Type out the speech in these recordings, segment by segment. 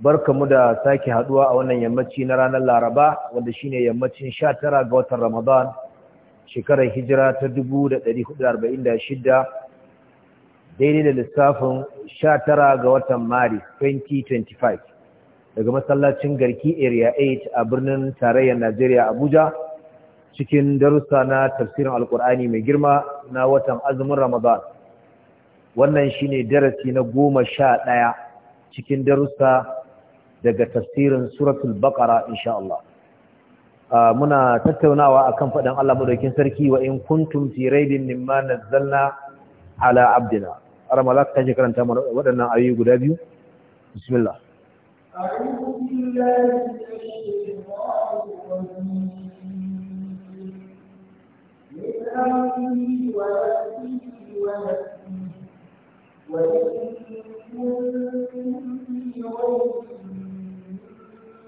barka mu da sake haduwa a wannan yammaci na ranar Laraba wanda shine yammacin 19 ga watan Ramadan shekarar hijira ta 1446 daidai da lissafin 19 ga watan Maris 2025 daga masallacin Garki Area 8 a birnin tarayyar Najeriya Abuja cikin darussa na tafsirin Alkur'ani mai girma na watan azumin Ramadan wannan shine darasi na 11 cikin darussa daga tafsirin suratul baqara insha Allah muna tattaunawa akan faɗin Allah madaukin sarki wa in kuntum fi raibin mimma nazzalna ala abdina ramala ta je karanta mana waɗannan ayoyi guda biyu bismillah a'udhu billahi minash shaitanir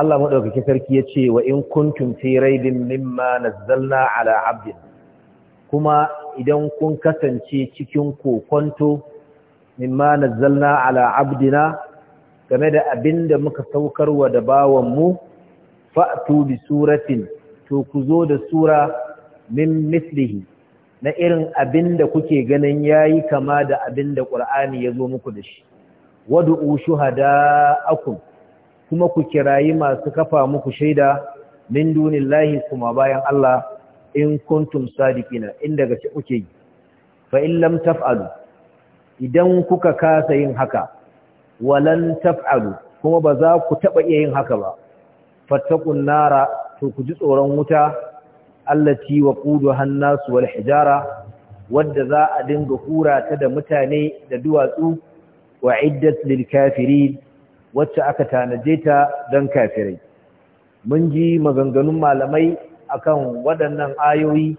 Allah maɗaukaki sarki ya ce wa in kuntum fi raibin mimma nazzalna ala abdin kuma idan kun kasance cikin kokonto mimma nazzalna ala abdina game da abinda muka saukarwa da bawanmu fa'tu bi suratin to ku zo da sura min mislihi na irin abinda kuke ganin yayi kama da abinda Qur'ani ya zo muku da shi wad'u shuhada'akum kuma ku kirayi masu kafa muku shaida min dunillahi kuma bayan Allah in kuntum sadiqina in daga ce kuke fa in lam taf'alu idan kuka kasa yin haka walan taf'alu kuma ba za ku taba iya yin haka ba fattaqun nara to ku ji tsoron wuta allati waquduha an-nas wal hijara wadda za a dinga hura ta da mutane da duwatsu wa iddat lil kafirin wacce aka tanaje ta don kafirai mun ji maganganun malamai akan waɗannan ayoyi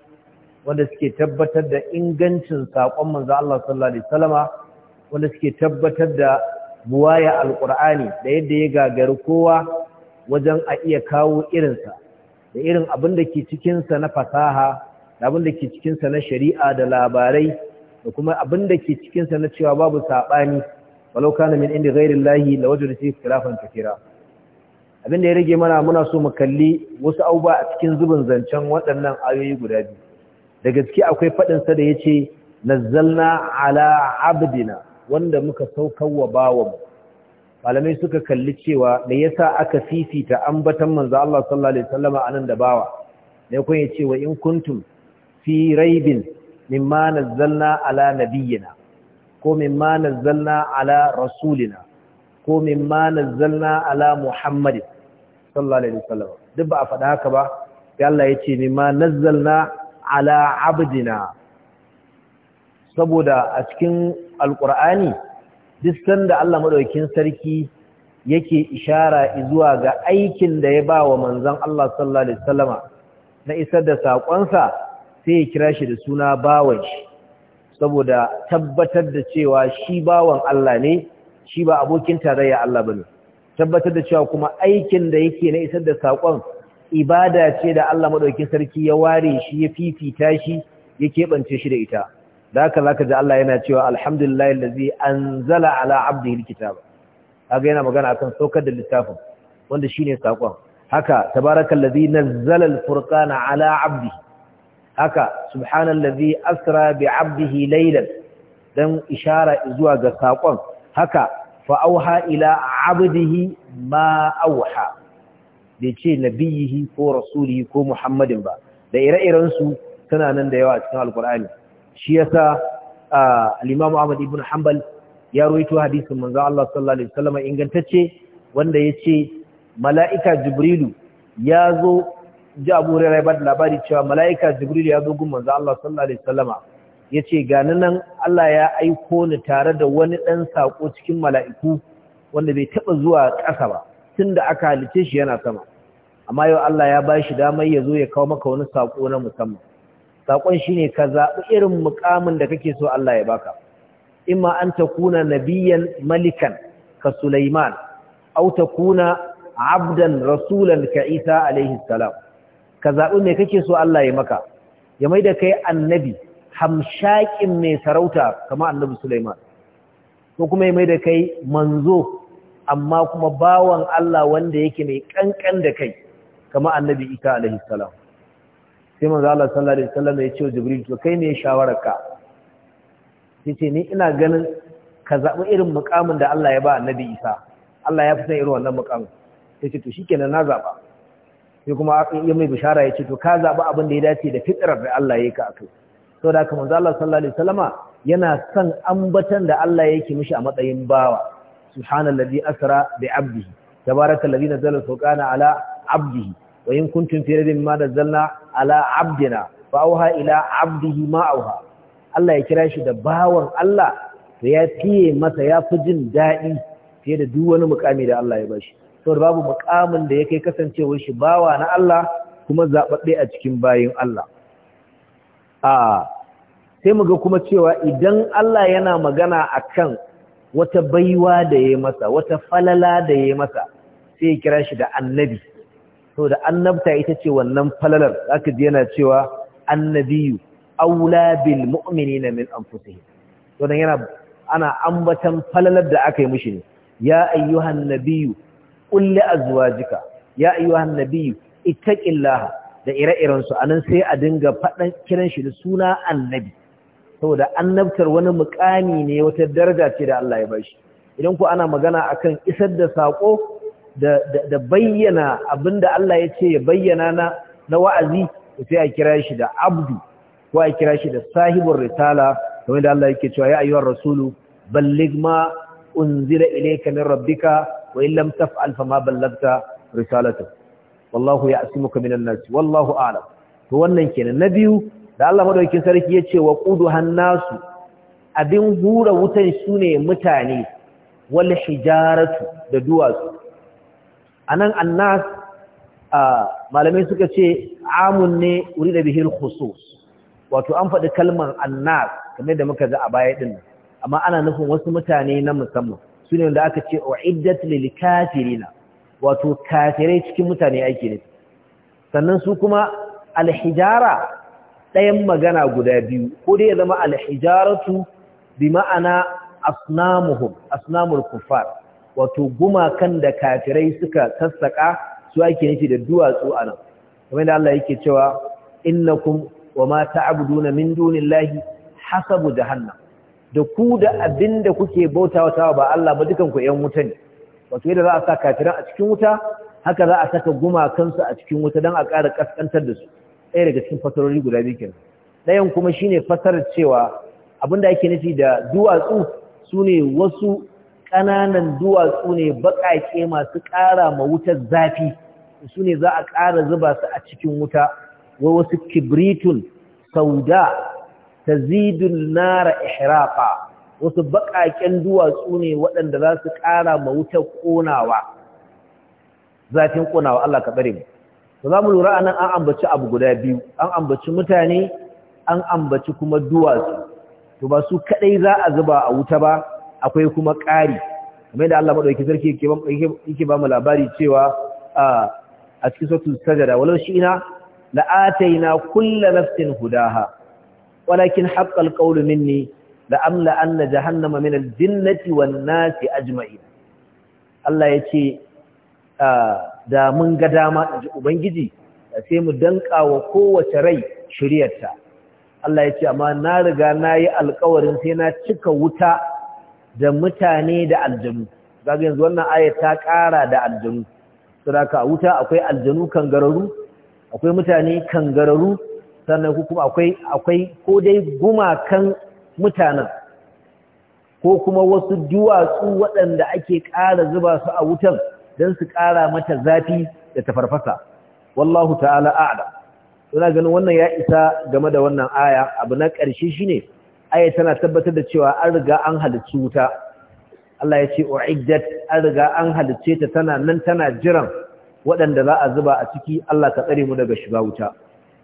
wanda suke tabbatar da ingancin saƙon manzo Allah sallallahu alaihi wasallama wanda suke tabbatar da buwaya alqur'ani da yadda ya gagari kowa wajen a iya kawo irinsa da irin abin da ke cikin sa na fasaha da abin da ke cikin sa na shari'a da labarai da kuma abin da ke cikin sa na cewa babu saɓani walau kana min inda ghairin lahi da wajen fi khilafan Abin abinda ya rage mana muna so mu kalli wasu abubuwa a cikin zubin zancen waɗannan ayoyi guda biyu da gaske akwai faɗin sa da yace nazzalna ala abdina wanda muka saukarwa bawanmu malamai suka kalli cewa da yasa aka fifita ambatan manzo Allah sallallahu alaihi wasallama anan da bawa ne kun yace wa in kuntum fi raibin mimma nazzalna ala nabiyyina ko mimma nazzalna ala rasulina ko mimma nazzalna ala muhammadin sallallahu alaihi wasallam duk ba a faɗa haka ba sai Allah ya ce mimma nazzalna ala abdina saboda a cikin alqur'ani duk sanda Allah madaukakin sarki yake ishara zuwa ga aikin da ya ba wa manzon Allah sallallahu alaihi na isar da saƙonsa sai ya kira shi da suna bawan shi saboda tabbatar da cewa shi bawan Allah ne shi ba abokin tarayya Allah bane tabbatar da cewa kuma aikin da yake na isar da sakon ibada ce da Allah madaukakin sarki ya ware shi ya fifita shi ya keɓance shi da ita da zaka ji Allah yana cewa alhamdulillahi allazi anzala ala abdihi alkitaba kaga yana magana akan saukar da littafin wanda shine sakon haka tabarakallazi nazzala alfurqana ala abdihi haka subhanallazi asra bi 'abdihi laylan dan ishara zuwa ga sakon haka fa'auha ila 'abdihi ma auha bai ce nabiyihi ko rasulihi ko muhammadin ba da ire-iren su suna nan da yawa a cikin alkur'ani shi yasa sa imam Ahmad ibn Hanbal ya rawaito hadisin manzo Allah sallallahu alaihi wasallam ingantacce wanda ce mala'ika Jibrilu ya zo ji abu rera ba da labari cewa mala'ika jibril ya zo gumman za Allah sallallahu alaihi wasallama ya ce gani nan Allah ya aiko ni tare da wani ɗan saƙo cikin mala'iku wanda bai taɓa zuwa ƙasa ba tun da aka halice shi yana sama amma yau Allah ya ba shi damar ya zo ya kawo maka wani saƙo na musamman saƙon shi ne ka zaɓi irin muƙamin da kake so Allah ya baka imma an ta kuna nabiyan malikan ka Sulaiman au ta kuna abdan rasulan ka Isa alaihi salam ka zaɓi mai kake so Allah ya maka ya mai da kai annabi hamshakin mai sarauta kama annabi Sulaiman ko kuma ya mai da kai manzo amma kuma bawan Allah wanda yake mai kankan da kai kama annabi Isa alaihi Sai sai manzo Allah sallallahu alaihi wasallam ya ce Jibril to kai ne shawararka ce ni ina ganin ka zaɓi irin mukamin da Allah ya ba annabi Isa Allah ya fi san irin wannan mukamin ce to shi kenan na zaɓa sai kuma ya mai bishara ya ce to ka zaɓi abin da ya dace da fitrar da Allah ya yi ka akai sau da kamar Allah sallallahu alaihi yana son ambatan da Allah ya yake mishi a matsayin bawa subhanallazi asra bi abdihi tabarakallazi nazzala furqana ala abdihi wa in kuntum fi raybin ma ala abdina fa auha ila abdihi ma auha Allah ya kira shi da bawan Allah to ya fiye masa ya fi jin daɗi fiye da duk wani mukami da Allah ya bashi saboda babu mukamin da ya kai kasancewar shi bawa na Allah kuma zaɓaɓɓe a cikin bayin Allah a sai mu ga kuma cewa idan Allah yana magana a kan wata baiwa da ya masa wata falala da ya masa sai ya kira shi da annabi Sau da annabta ita ce wannan falalar za ka ji yana cewa annabiyu aula bil na min Sau da yana ana ambatan falalar da aka yi mishi ne ya ayyuhan Ƙulle li azwajika ya ayyuhan nabiyyu ittaqillaha da ire-iren su anan sai a dinga fadan kiran shi da suna annabi saboda annabtar wani mukami ne wata daraja ce da Allah ya bashi idan ku ana magana akan isar da sako da da bayyana abinda Allah ya ce ya bayyana na na wa'azi sai a kira shi da abdu ko a kira shi da sahibul risala kamar da Allah yake cewa ya ayyuhar rasulu balligh ma unzila ilayka min rabbika wa in lam taf'al fama ballagta risalatu wallahu ya'simuka minan nas wallahu a'lam to wannan kenan na biyu da Allah madaukakin sarki yace wa qudu hannasu abin hura wutan sune mutane wal hijaratu da duwatsu anan annas malamai suka ce amun ne urida bihil khusus wato an faɗi kalmar annas kamar da muka ji a baya din amma ana nufin wasu mutane na musamman sune da aka ce uiddat lil kafirina wato kafirai cikin mutane ake ne sannan su kuma alhijara ɗayan magana guda biyu ko dai ya zama alhijaratu bi ma'ana asnamuhum asnamul kuffar wato gumakan da kafirai suka sassaka su ake nufi da duwatsu anan kamar da Allah yake cewa innakum wama ta'buduna min dunillahi hasabu jahannam da ku da abin da kuke bautawa wata ba Allah ba dukanku ‘yan wuta ne, wato yadda za a sa kafiran a cikin wuta, haka za a saka gumakansu a cikin wuta don a ƙara ƙasƙantar da su, ɗaya daga cikin fasarori guda biyu kenan. Ɗayan kuma shi ne fasarar cewa abin da ake nufi da duwatsu su ne wasu ƙananan duwatsu ne baƙaƙe masu ƙara ma wutar zafi, su ne za a ƙara zuba su a cikin wuta, wai wasu kibritun sauda tazidun nara ihraqa wasu baƙaƙen duwatsu ne waɗanda za su ƙara ma wutar ƙonawa zafin ƙonawa Allah ka bare mu to za mu lura anan an ambaci abu guda biyu an ambaci mutane an ambaci kuma duwatsu to ba su kaɗai za a zuba a wuta ba akwai kuma ƙari kamar da Allah madauki sarki yake ba mu labari cewa a cikin sautin sajada walau shi ina na kulla nafsin hudaha walakin haqqal qawlu minni la amla anna jahannama min al-jinnati wan nasi ajma'in Allah yace da mun ga dama sai mu danka wa kowace rai shiryarta. Allah yace amma na riga nayi alƙawarin sai na cika wuta da mutane da aljanu kaga yanzu wannan aya ta ƙara da aljanu saboda wuta akwai aljanu kangararru akwai mutane kangararru sannan ku kuma akwai akwai ko dai gumakan mutanen ko kuma wasu duwatsu waɗanda ake ƙara zuba su a wutan don su ƙara mata zafi da tafarfasa wallahu ta'ala a'lam ina ganin wannan ya isa game da wannan aya abu na ƙarshe shine aya tana tabbatar da cewa an riga an halicci wuta Allah ya ce uiddat an riga an halicce ta tana nan tana jiran waɗanda za a zuba a ciki Allah ka tsare mu daga shiga wuta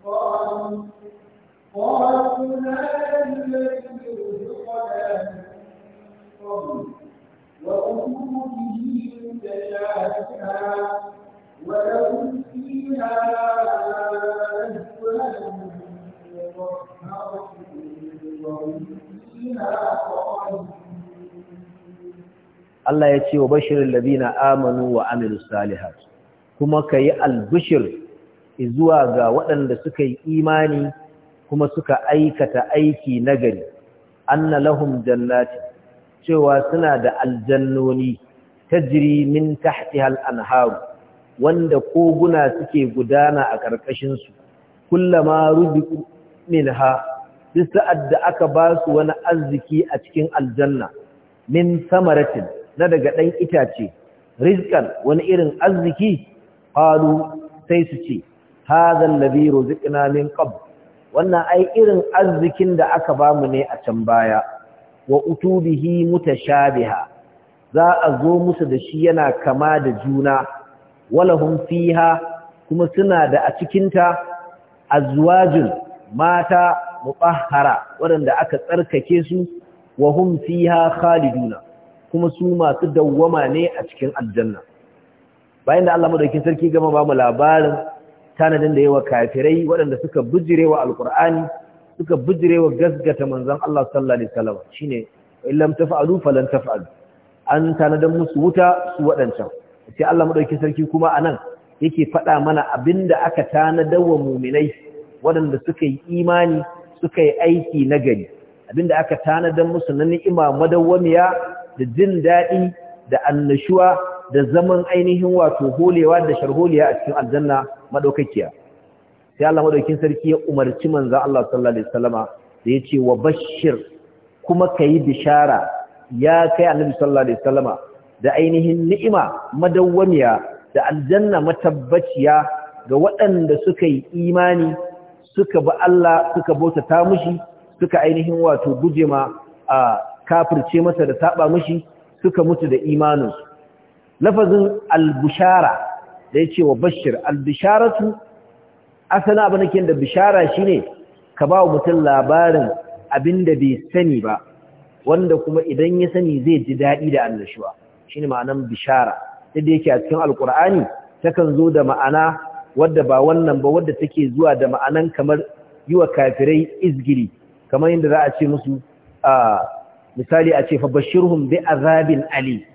Allah ya ce wa bashirin labina amanu wa amiru salihat kuma ka yi albishir zuwa ga waɗanda suka yi imani kuma suka aikata aiki nagari anna lahum jannati cewa suna da aljannoni tajri min tahtiha al-anharu wanda koguna suke gudana a ƙarƙashin su kullama rubiqu minha duk sa'ad da aka ba su wani arziki a cikin aljanna min samaratin na daga ɗan itace rizqan wani irin arziki qalu sai su ce هذا الذي رزقنا من قبل wannan ai irin arzikin da aka bamu ne a can baya wa utubihi mutashabiha za a zo musu da shi yana kama da juna walahum fiha kuma suna da a cikinta azwajul mata mutahhara waɗanda aka tsarkake su wa hum fiha khaliduna kuma su masu dawwama ne a cikin aljanna bayan da Allah madaukin sarki gama ba mu labarin tanadin da yawa kafirai waɗanda suka bijirewa alqur'ani suka bijirewa gasgata manzon Allah sallallahu alaihi wasallam shine illam taf'alu falan taf'alu an tanadan musu wuta su waɗancan sai Allah madauki sarki kuma anan yake faɗa mana abinda aka tanada wa muminai waɗanda suka yi imani suka yi aiki na gari abinda aka tanadan musu na ni'ima madawwamiya da jin daɗi da annashuwa da zaman ainihin wato holewa da sharholiya a cikin aljanna madaukakiya sai Allah madaukin sarki ya umarci manzo Allah sallallahu alaihi wasallama da yace wa bashir kuma kai bishara ya kai annabi sallallahu alaihi wasallama da ainihin ni'ima madawwamiya da aljanna matabbaciya ga waɗanda suka yi imani suka ba Allah suka bautata mushi suka ainihin wato gujema a kafirce masa da saba mushi suka mutu da imaninsu lafazin albishara. da yace wa bashir albisharatu asana abin nake da bishara shine ka ba mutum labarin abinda bai sani ba wanda kuma idan ya sani zai ji daɗi da annashuwa shine ma'anan bishara sai da yake a cikin alkur'ani takan zo da ma'ana wadda ba wannan ba wadda take zuwa da ma'anan kamar yiwa kafirai izgiri kamar yadda za a ce musu a misali a ce bashirhum bi azabin ali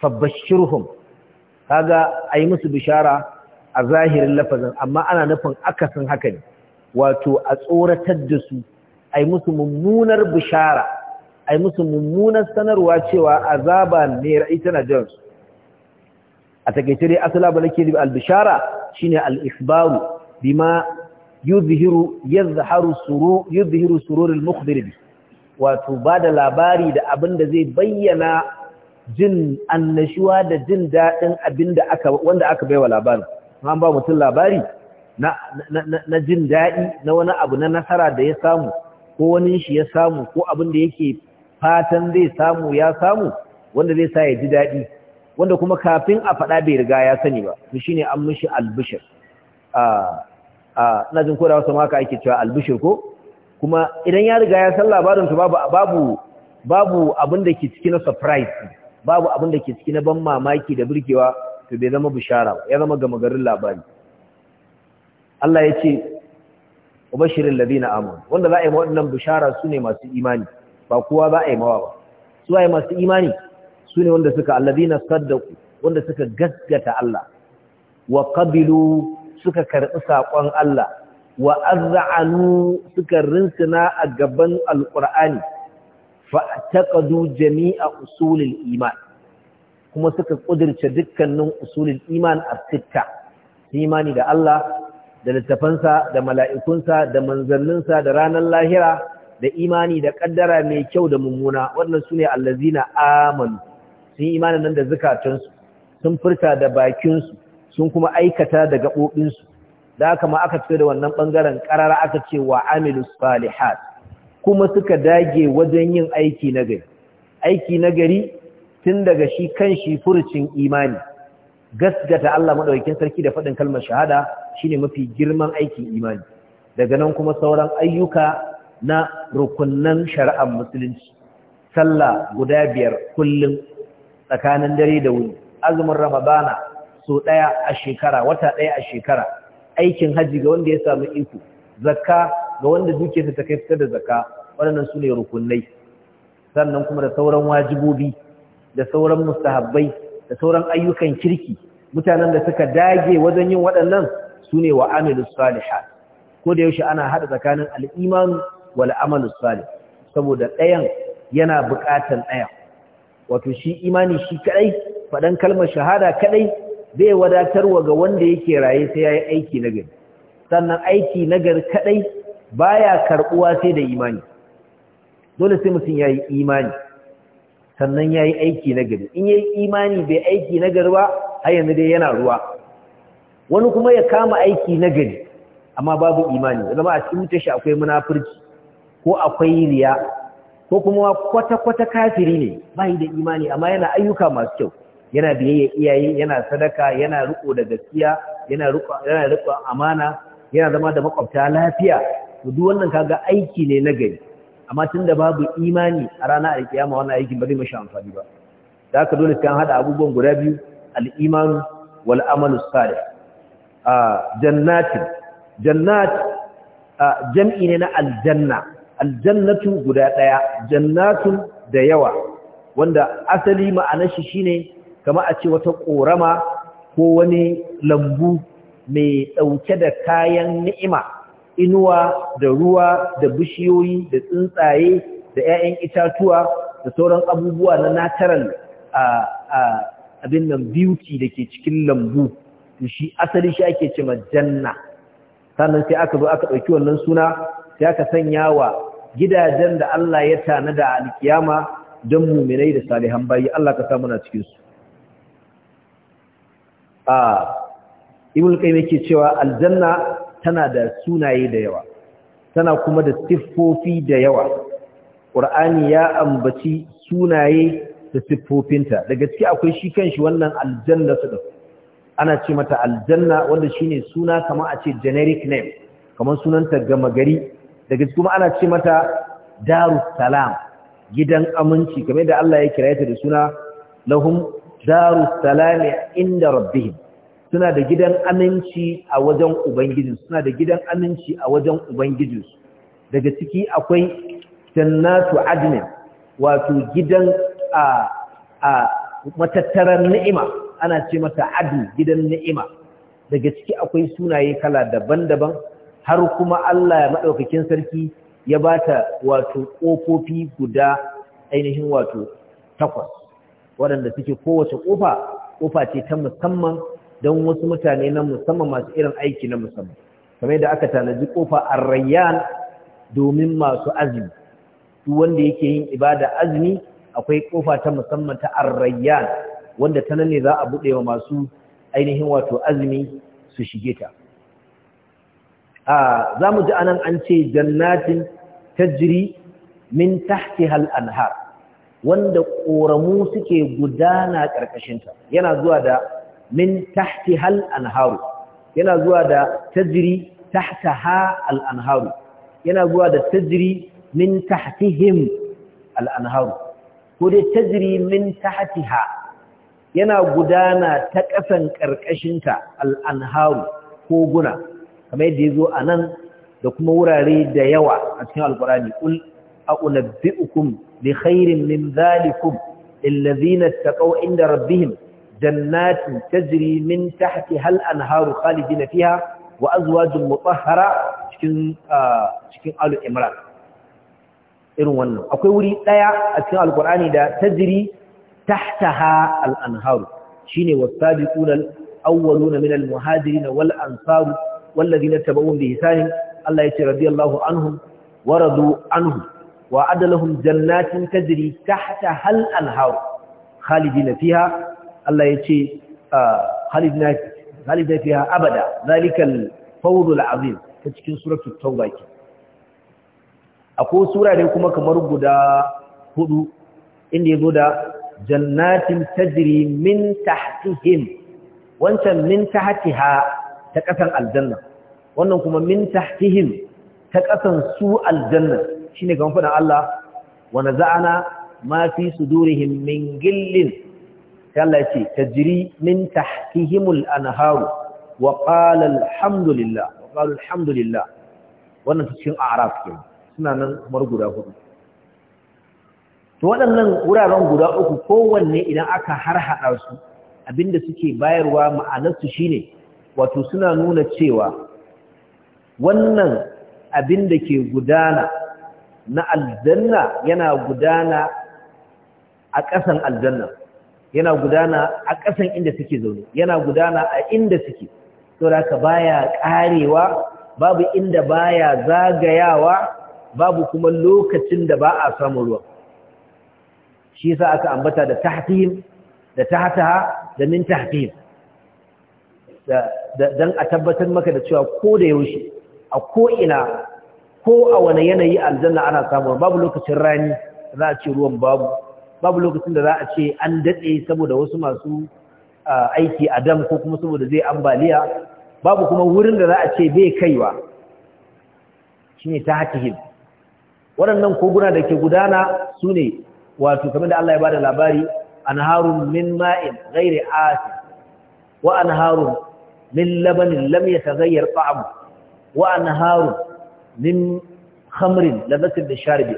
fabashirhum kaga a yi musu bishara a zahirin lafazin amma ana nufin akasin haka ne wato a tsoratar da su a yi musu mummunar bishara a yi musu mummunar sanarwa cewa azaba ne ra'ayi tana jiransu a takaice dai asala ba nake da albishara shine al-ikhbaru bima yuzhiru yadhharu suru yuzhiru surur mukhbir wato bada labari da abin da zai bayyana jin annashuwa da jin daɗin abin da aka wanda aka baiwa labarin an ba mutum labari na, na, jin daɗi na wani abu na nasara da ya samu ko wani shi ya samu ko abin da yake fatan zai samu ya samu wanda zai sa ya ji daɗi wanda kuma kafin a faɗa bai riga ya sani ba to shine an mishi albishir a a jin kodawa sama ka ake cewa albishir ko kuma idan ya riga ya san labarin to babu babu babu abin da ke cikin surprise babu abin da ke ciki na ban mamaki da burgewa to bai zama bishara ba ya zama gama garin labari Allah ya ce ubashirin ladina amon wanda za a yi waɗannan bishara su ne masu imani ba kowa za a yi mawa ba su a yi masu imani su ne wanda suka alladina saddaku wanda suka gaskata Allah wa qabilu suka karɓi saƙon Allah wa azza'anu suka rinsuna a gaban alƙur'ani fa'taqadu jami'a usulil iman kuma suka kudirce dukkanin usulil iman a sitta imani da Allah da littafansa da mala'ikunsa da manzanninsa da ranar lahira da imani da ƙaddara mai kyau da mummuna wannan sune allazina amalu, sun imanin nan da zukatansu sun furta da bakinsu sun kuma aikata da gaɓoɓinsu da haka ma aka fito da wannan ɓangaren ƙarara aka ce wa Aminu salihat kuma suka dage wajen yin aiki na gari aiki na gari tun daga shi kan shi furucin imani gasgata Allah madaukakin sarki da faɗin kalmar shahada shine mafi girman aikin imani daga nan kuma sauran ayyuka na rukunnan shari'ar musulunci sallah guda biyar kullum tsakanin dare da wuni azumin ramadana so ɗaya a shekara wata ɗaya a shekara aikin haji ga wanda ya samu iko zakka ga wanda dukiyarsa ta kai fitar da zakka waɗannan su ne rukunai sannan kuma da sauran wajibobi da sauran mustahabbai da sauran ayyukan kirki mutanen da suka dage wajen yin waɗannan su ne wa amilus salihat ko da yaushe ana haɗa tsakanin al'iman wal amalus salih saboda ɗayan yana buƙatar ɗaya wato shi imani shi kaɗai, faɗan kalmar shahada kadai bai wadatarwa ga wanda yake raye sai yayi aiki na gari. sannan aiki na gari kaɗai. baya karbuwa sai da imani dole sai mutum yayi imani sannan yayi aiki na gari in yayi imani bai aiki na gari ba har yanzu dai yana ruwa wani kuma ya kama aiki na gari amma babu imani zama a cikin mutashi akwai munafurci ko akwai riya ko kuma kwata-kwata kafiri ne bai da imani amma yana ayyuka masu kyau yana biyayya iyaye yana sadaka yana riko da gaskiya yana riko yana riko amana yana zama da makwabta lafiya to duk wannan kaga aiki ne na gari amma tunda babu imani a rana alkiyama wannan aikin ba zai mashi amfani ba da haka dole kan haɗa hada abubuwan guda biyu al-iman wal amal salih a jannatin jannat jam'i ne na aljanna aljannatu guda daya jannatun da yawa wanda asali ma'anar shi shine kama a ce wata korama ko wani lambu mai dauke da kayan ni'ima inuwa da ruwa da bishiyoyi da tsuntsaye da 'ya'yan itatuwa da sauran abubuwa na natural a abin nan beauty da ke cikin lambu shi asali shi ake ce janna sannan sai aka zo aka ɗauki wannan suna sai aka sanya wa gidajen da Allah ya tanada da alkiyama don muminai da salihan bayi Allah ka sa muna cikin su a ibul yake cewa aljanna tana da sunaye da yawa tana kuma da siffofi da yawa ƙur'ani ya ambaci sunaye da siffofinta da gaske akwai shi kanshi wannan aljanna su ana ce mata aljanna wanda shine suna kama a ce generic name kamar sunanta gama gari da gaske kuma ana ce mata darussalam gidan aminci kamar da Allah ya kira ta da suna lahum darussalami inda rabbihim suna da gidan aminci a wajen ubangijinsu suna da gidan aminci a wajen Ubangiji daga ciki akwai jannatu adnin wato gidan a a matattaran ni'ima ana ce mata adu gidan ni'ima daga ciki akwai sunaye kala daban-daban har kuma Allah ya madaukakin sarki ya bata wato kofofi guda ainihin wato takwas waɗanda suke kowace kofa kofa ce ta musamman don wasu mutane na musamman masu irin aiki na musamman kamar da aka tanaji kofa rayyan domin masu azumi duk wanda yake yin ibada azumi akwai kofa ta musamman ta arrayyan wanda ta nan ne za a buɗe wa masu ainihin wato azumi su shige ta a za mu ji anan an ce jannatin tajri min tahtiha al-anhar wanda ƙoramu suke gudana ƙarƙashinta yana zuwa da min tahtiha al-anharu yana zuwa da tajri ha al-anharu yana zuwa da tajri min tahtihim al-anharu ko dai tajri min tahtiha yana gudana ta ƙasan ƙarƙashinta al-anharu ko guna kamar yadda yazo anan da kuma wurare da yawa a cikin alkurani ul a'unabbi'ukum bi khairin min dhalikum lil ladhina da inda جنات تجري من تحتها الانهار خالدين فيها وازواج مطهره cikin cikin al imran irin wannan akwai wuri ɗaya a cikin alqurani da tajri tahtaha al anhar shine wasabiqun al awwaluna min al muhajirin wal ansar wal ladina tabawun bi ihsanin Allah yace radiyallahu anhu waradu anhum wa adalahum jannatin tajri tahtaha al anhar khalidina fiha Allah ya ce ah, halida fiha abada zalikal fawzul azim ta cikin suratul tauba ke akwai sura ne kuma kamar guda hudu inda yazo da jannatin tajiri min tahtihim wancan min tahtiha ta kasan aljanna wannan kuma min tahtihim ta kasan su aljanna shine kamar fadan Allah wa naza'ana ma fi sudurihim min gillin sai ya ce tajri min tahtihimul anharu wa qala alhamdulillah wa qala alhamdulillah wannan cikin a'raf kenan suna nan kamar guda hudu to waɗannan wuraren guda uku kowanne idan aka harhaɗa su abinda suke bayarwa su shine wato suna nuna cewa wannan abin da ke gudana na aljanna yana gudana a ƙasan aljanna yana gudana a ƙasan inda suke zaune yana gudana a inda suke saboda haka baya karewa babu inda baya zagayawa babu kuma lokacin da ba a samu ruwa shi yasa aka ambata da tahfim da tahtaha da min da don a tabbatar maka da cewa ko da yaushe a ko'ina ko a wani yanayi aljanna ana samu babu lokacin rani za a ce ruwan babu babu lokacin da za a ce an daɗe saboda wasu masu aiki a dam ko kuma saboda zai ambaliya babu kuma wurin da za a ce bai kaiwa shine ta hakihim waɗannan koguna da ke gudana su ne wato kamar da Allah ya bada labari harun min ma'in ghairi asin wa harun min labanin lam yataghayyar ta'amu wa harun min khamrin ladatin da sharbi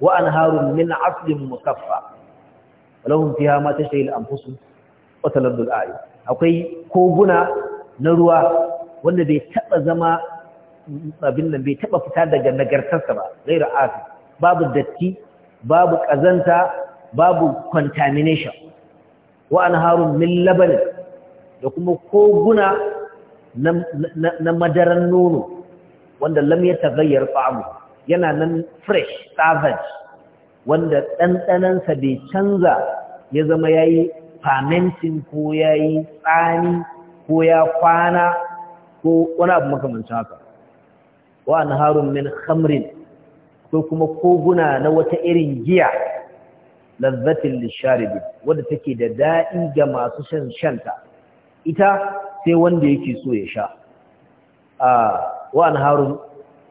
wa harun min aslin musaffa lahum fiha ma tashri al-anfus wa akwai koguna na ruwa wanda bai taba zama abin nan bai taba fita daga nagartarsa ba ghairu afi babu datti babu kazanta babu contamination wa anharun min laban da kuma koguna na madaran nono wanda lam ya tagayyar fa'amu yana nan fresh savage wanda ɗanɗanansa bai canza ya zama ya yi famentin ko ya yi tsani ko ya kwana ko wani abu makamancin haka wa na harun min hamrin, ko kuma koguna na wata irin giya lazzatin lisharibi wadda take da daɗi ga masu shan shanta ita sai wanda yake so ya sha wa na harun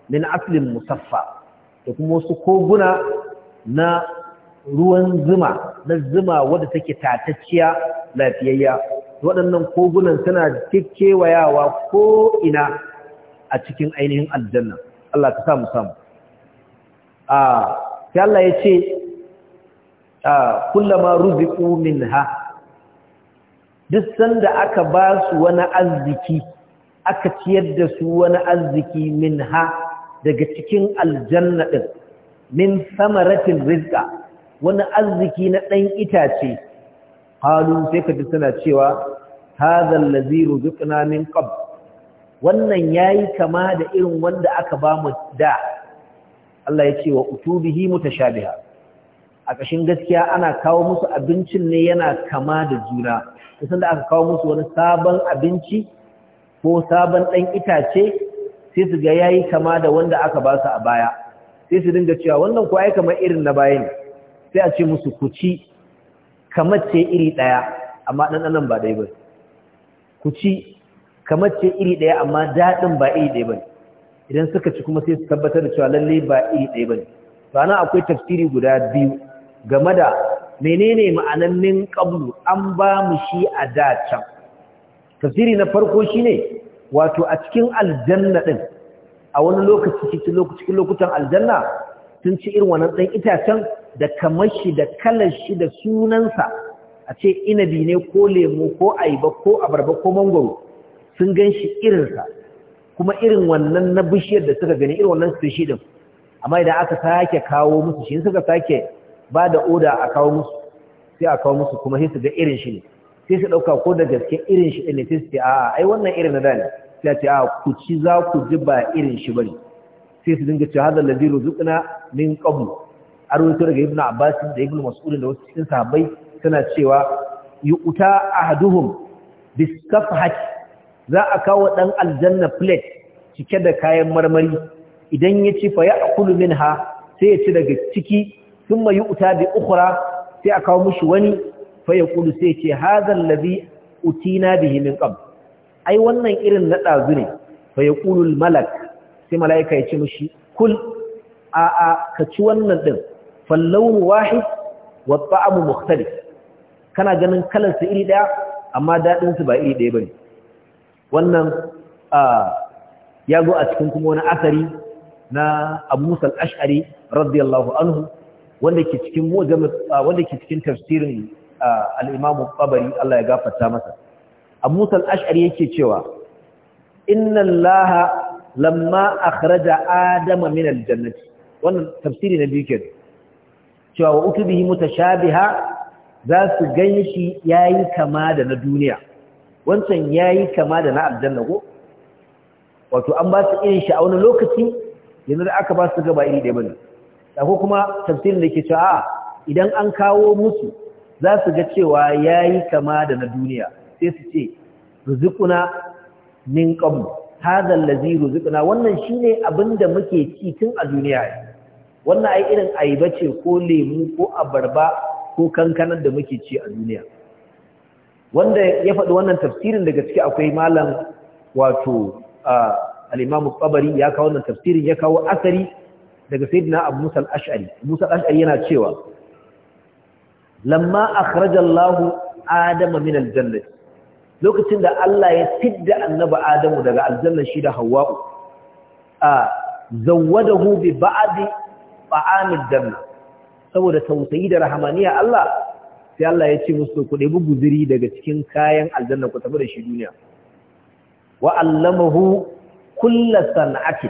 min aslin musaffa da kuma wasu koguna na ruwan zuma na zuma wadda take tatacciya lafiyayya waɗannan kogunan suna kewayawa ko ina a cikin ainihin aljanna Allah ta samu samu a sai Allah ya ce kullama min minha duk sanda aka ba su wani arziki aka ciyar da su wani arziki minha daga cikin aljanna din min samaratin rizqa wani arziki na dan itace halu sai kaji suna cewa hadha allazi ruzqna min qab wannan yayi kama da irin wanda aka ba mu da Allah ya ce wa utubihi mutashabiha a kashin gaskiya ana kawo musu abincin ne yana kama da juna kusan da aka kawo musu wani sabon abinci ko sabon dan itace sai su ga yayi kama da wanda aka ba su a baya sai su dinga cewa wannan ko ai kamar irin na baya sai a ce musu ku ci kamar ce iri daya amma ɗanɗanon ba ɗaya ba ku ci kamar ce iri daya amma daɗin ba iri daya ba idan suka ci kuma sai su tabbatar da cewa lalle ba iri daya ba sana akwai tafsiri guda biyu game da menene ma'anan min qablu an ba mu shi a da can?" tafsiri na farko shine wato a cikin aljanna ɗin." a wani lokaci cikin lokutan aljanna sun ci irin wannan ɗan itacen da kamar shi da kalar shi da sunansa a ce inabi ne ko lemu ko aiba ko abarba ko mangoro sun gan shi irinsa kuma irin wannan na bishiyar da suka gani irin wannan species din amma idan aka sake kawo musu shi suka sake ba da oda a kawo musu sai a kawo musu kuma sai su ga irin shi ne sai su ɗauka ko da gaske irin shi ne sai su ce a'a ai wannan irin na da ne sai ce ku ci za ku ji ba irin shi bane sai su dinga cewa hadal ladhi ruzuqna min qablu arwato daga ibnu abbas da ibnu mas'ud da wasu cikin sahabbai suna cewa haduhun. ahaduhum hat za a kawo ɗan aljanna plate cike da kayan marmari idan ya ci fa ya'kulu minha sai ya ci daga ciki thumma uta bi ukhra sai a kawo mushi wani fa ya kulu sai ce hadha alladhi utina bihi min qabl ai wannan irin na ɗazu ne fa ya ƙulul malak sai mala'ika ya ce mashi kul a a ka ci wannan ɗin fallaunu wahid wa ta'amu mukhtalif kana ganin kalar su iri ɗaya amma daɗin ba iri ɗaya ba ne. wannan ya zo a cikin kuma wani asari na Abu ashari radiyallahu anhu wanda ke cikin tafsirin al-Imam Allah ya gafarta masa abu musal yake cewa inna allaha lamma akhraja adama min aljannati wannan tafsiri na biyu kenan cewa wa utubihi mutashabiha za su ganshi yayi kama da na duniya wancan yayi kama da na aljanna ko wato an ba su irin shi a wani lokaci yanzu da aka ba su gaba iri da bane ko kuma tafsirin da ke cewa idan an kawo musu za su ga cewa yayi kama da na duniya sai su ce ruzukuna min qabl hadha allazi ruzukuna wannan shine abinda muke ci tun a duniya wannan ai irin ayaba ce ko lemu ko abarba ko kankanan da muke ci a duniya wanda ya faɗi wannan tafsirin daga ciki akwai malam wato al-Imam Qabari ya kawo wannan tafsirin ya kawo asari daga Sayyidina Abu Musa al-Ash'ari Musa al-Ash'ari yana cewa lamma akhraja allahu Adama min al jannati lokacin da Allah ya fidda annabi Adamu daga aljanna shi da Hawwa'u a zawwadahu bi ba'di ba'amid janna saboda tausayi da rahamaniya Allah sai Allah ya ce musu ku bugu guziri daga cikin kayan aljanna ku tafi da shi duniya wa allamahu kullu san'ati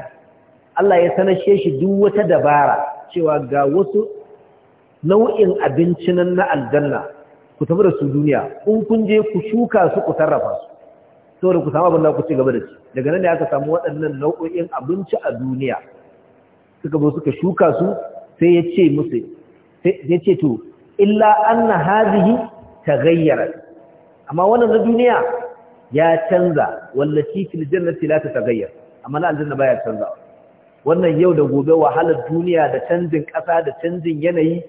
Allah ya sanashe shi duk wata dabara cewa ga wasu nau'in abincin na aljanna ku tafi da su duniya in kun je ku shuka su ku sarrafa su saboda ku samu abin da ku ci gaba da shi daga nan ne aka samu waɗannan nau'o'in abinci a duniya suka zo suka shuka su sai ya ce musu ya ce to illa anna hazihi tagayyara amma wannan na duniya ya canza wallati fil jannati la tatagayyar amma na aljanna baya canza. wannan yau da gobe wahalar duniya da canjin ƙasa da canjin yanayi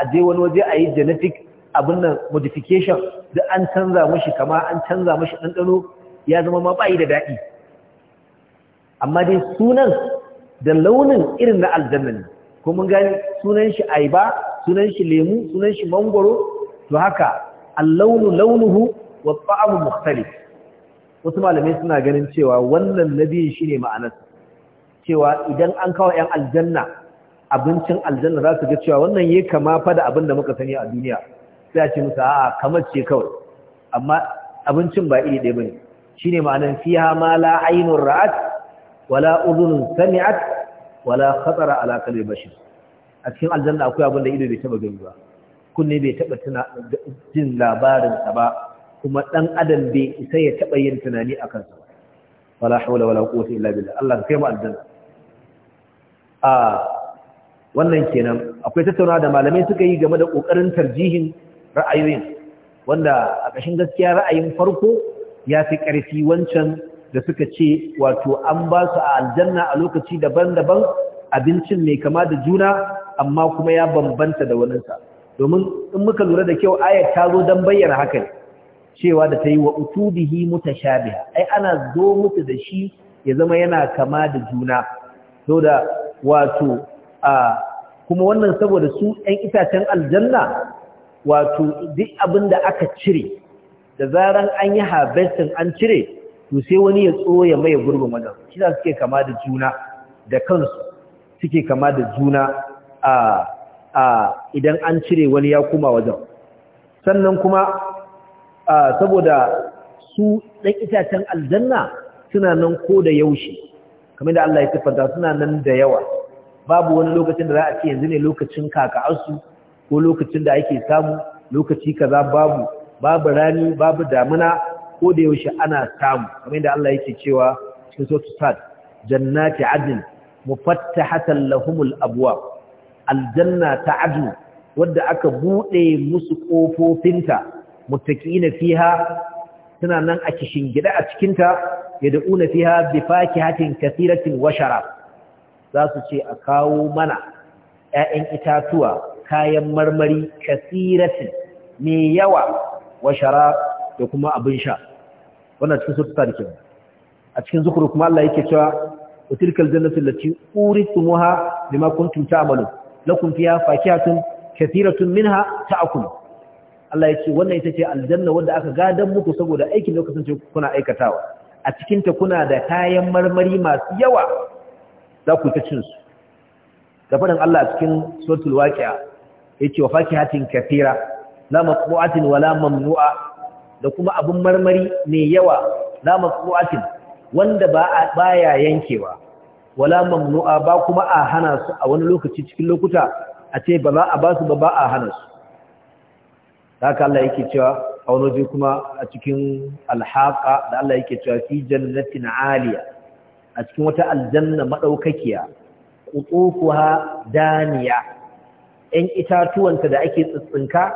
a je wani waje a yi genetic abin nan modification da an canza mashi kama an canza mashi ɗanɗano ya zama ma bayi da daɗi amma dai sunan da launin irin na aljanna ne ko mun gani sunan shi aiba sunan shi lemu sunan shi mangoro to haka allaunu launuhu wa ta'amu mukhtalif wasu malamai suna ganin cewa wannan nabi shine ma'anar cewa idan an kawo 'yan aljanna abincin aljanna za su ga cewa wannan ya kama fa da abin da muka sani a duniya sai a ce musu a'a kamar ce kawai amma abincin ba iri ɗaya bane shine ma'anar fiha ma la aynun ra'at wala udhunun sami'at wala khatara ala qalbi bashar a cikin aljanna akwai abin da ido bai taba gani ba kunne bai taba tuna jin labarin sa ba kuma dan adam bai isa ya taba yin tunani akan sa wala hawla wala quwwata illa billah Allah kai mu aljanna a ah, wannan kenan akwai tattauna da malamai suka yi game da kokarin tarjihin ra'ayoyin wanda a ƙashin gaskiya ra'ayin farko ya fi ƙarfi wancan da suka ce wato an ba su a aljanna a lokaci daban-daban abincin mai kama da juna amma kuma ya bambanta da waninsa domin in muka lura da kyau ayat ta zo don bayyana hakan cewa da ta yi wa utubihi mutashabiha ai ana zo mutu da shi ya zama yana kama da juna so wato a kuma wannan saboda su ɗan itacen aljanna wato duk abin da aka cire da zaran an yi harvesting an cire to sai wani ya tso ya maye gurbin wannan shi za suke kama da juna da kansu suke kama da juna a a idan an cire wani ya kuma wajen sannan kuma saboda su ɗan itacen aljanna suna nan ko da yaushe kamar da Allah ya siffanta suna nan da yawa babu wani lokacin da za a ce yanzu ne lokacin kaka'arsu ko lokacin da ake samu lokaci kaza babu babu rani babu damina ko da yaushe ana samu kamar da Allah yake cewa cikin suratul sad jannati adn mufattahatan lahumul abwab aljanna ta adn wadda aka bude musu kofofinta muttaqina fiha suna nan a kishin gida a cikinta yad'una fiha bi fakihatin kathiratin wa sharab za su ce a kawo mana ƴaƴan itatuwa kayan marmari kasiratin mai yawa wa shara da kuma abin sha wannan cikin sura ta a cikin zukuru kuma Allah yake cewa utilkal jannatu allati uritumuha bima kuntum ta'malun lakum fiha fakihatun kathiratun minha ta'kul Allah yake wannan ita ce aljanna wanda aka gadan muku saboda aikin da kuka kuna aikatawa a cikin ta kuna da kayan marmari masu yawa za ku ta cin su gafarin Allah cikin suratul waqi'a yace wa fakihatin katira la maqbu'atin wala mamnu'a da kuma abun marmari ne yawa la maqbu'atin wanda ba baya yankewa wala mamnu'a ba kuma a hana su a wani lokaci cikin lokuta a ce ba za a ba su ba ba a hana su haka Allah yake cewa a wani waje kuma a cikin alhaka, da Allah yake cewa fi jannatin aliya a cikin wata aljanna madaukakiya qutufuha daniya ‘yan itatuwanta da ake tsitsinka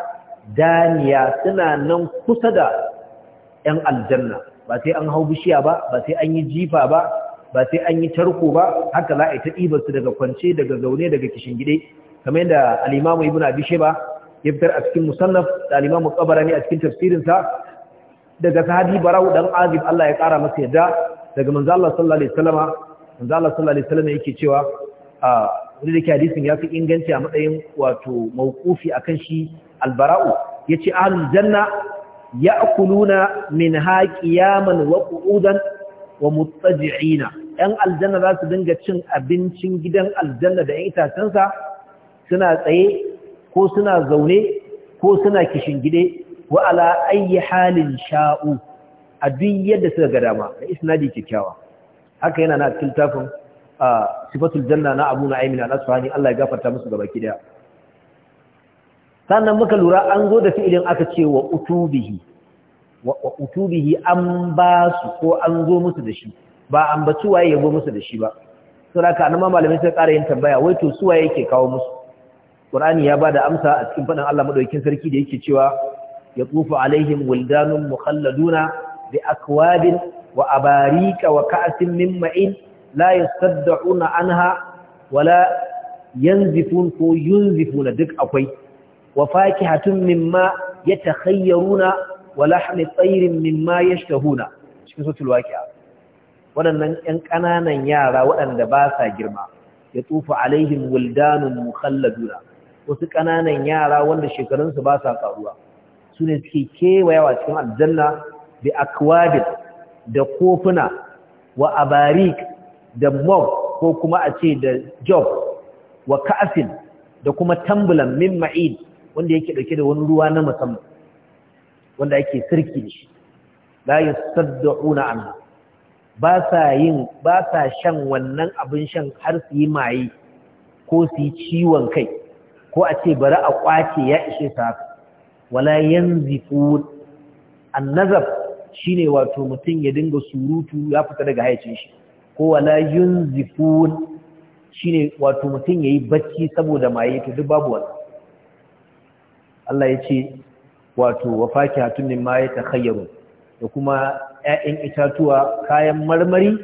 daniya suna nan kusa da ‘yan aljanna ba sai an hau bishiya ba ba sai an yi jifa ba ba sai an yi tarko ba haka za a yi ta ɗibarsu daga kwance daga zaune daga kishin gide kamar yadda alimamu buna bishe ba ya fitar a cikin musannaf da alimamu kabara ne a cikin tafsirinsa daga sahabi barau dan azib Allah ya kara masa yadda daga manzo sallallahu alaihi wasallama manzo sallallahu alaihi wasallama yake cewa ah, Wani da hadisin ya fi inganci a matsayin wato a akan shi albara'u ya ce ahalul janna ya akuluna min ha ƙiyaman wa ƙudan wa mutsaji'ina ‘yan aljanna za su dinga cin abincin gidan aljanna da ‘yan itacensa suna tsaye ko suna zaune ko suna kishin gide wa ala ayi halin sha'u a duk yadda suka ga dama da isnadi kyakkyawa haka yana na cikin sifatul janna na abu na'im na nasfani Allah ya gafarta musu gaba daya sannan muka lura an zo da fi'ilin aka ce wa utubihi wa utubihi an ba su ko an zo musu da shi ba an batu waye ya zo musu da shi ba saboda ka ma malamai sai ƙara yin tambaya wai to su waye yake kawo musu Qur'ani ya bada amsa a cikin faɗan Allah madaukakin sarki da yake cewa ya tsufu alaihim wuldanun mukhalladuna bi akwabin wa abarika wa ka'asin min la yasaddauna anha wala yanzifun ko yunzifuna duk akwai wa fakihatun mimma yatakhayyaruna wa lahmi tayrin mimma yashtahuna cikin suratul waqi'a waɗannan 'yan ƙananan yara waɗanda ba sa girma ya tsufa alaihim wuldanun mukhalladuna wasu ƙananan yara wanda shekarunsu ba sa ƙaruwa su ne suke kewayawa cikin aljanna bi akwabin da kofuna wa abarik da mob ko kuma a ce da job wa ka'asin da kuma tambulan min ma'id wanda yake dauke da wani ruwa na musamman wanda ake sirki da shi la yasadduuna anha ba sa yin ba sa shan wannan abin shan har su yi maye ko su yi ciwon kai ko a ce bari a kwace ya ishe sa wala yanzifu annazab shine wato mutum ya dinga surutu ya fita daga hayacin shi ko wala shi shine wato mutum ya yi bacci saboda maye to duk babu wata Allah ya ce wato wa fakihatun ta yatakhayyaru da kuma 'ya'yan itatuwa kayan marmari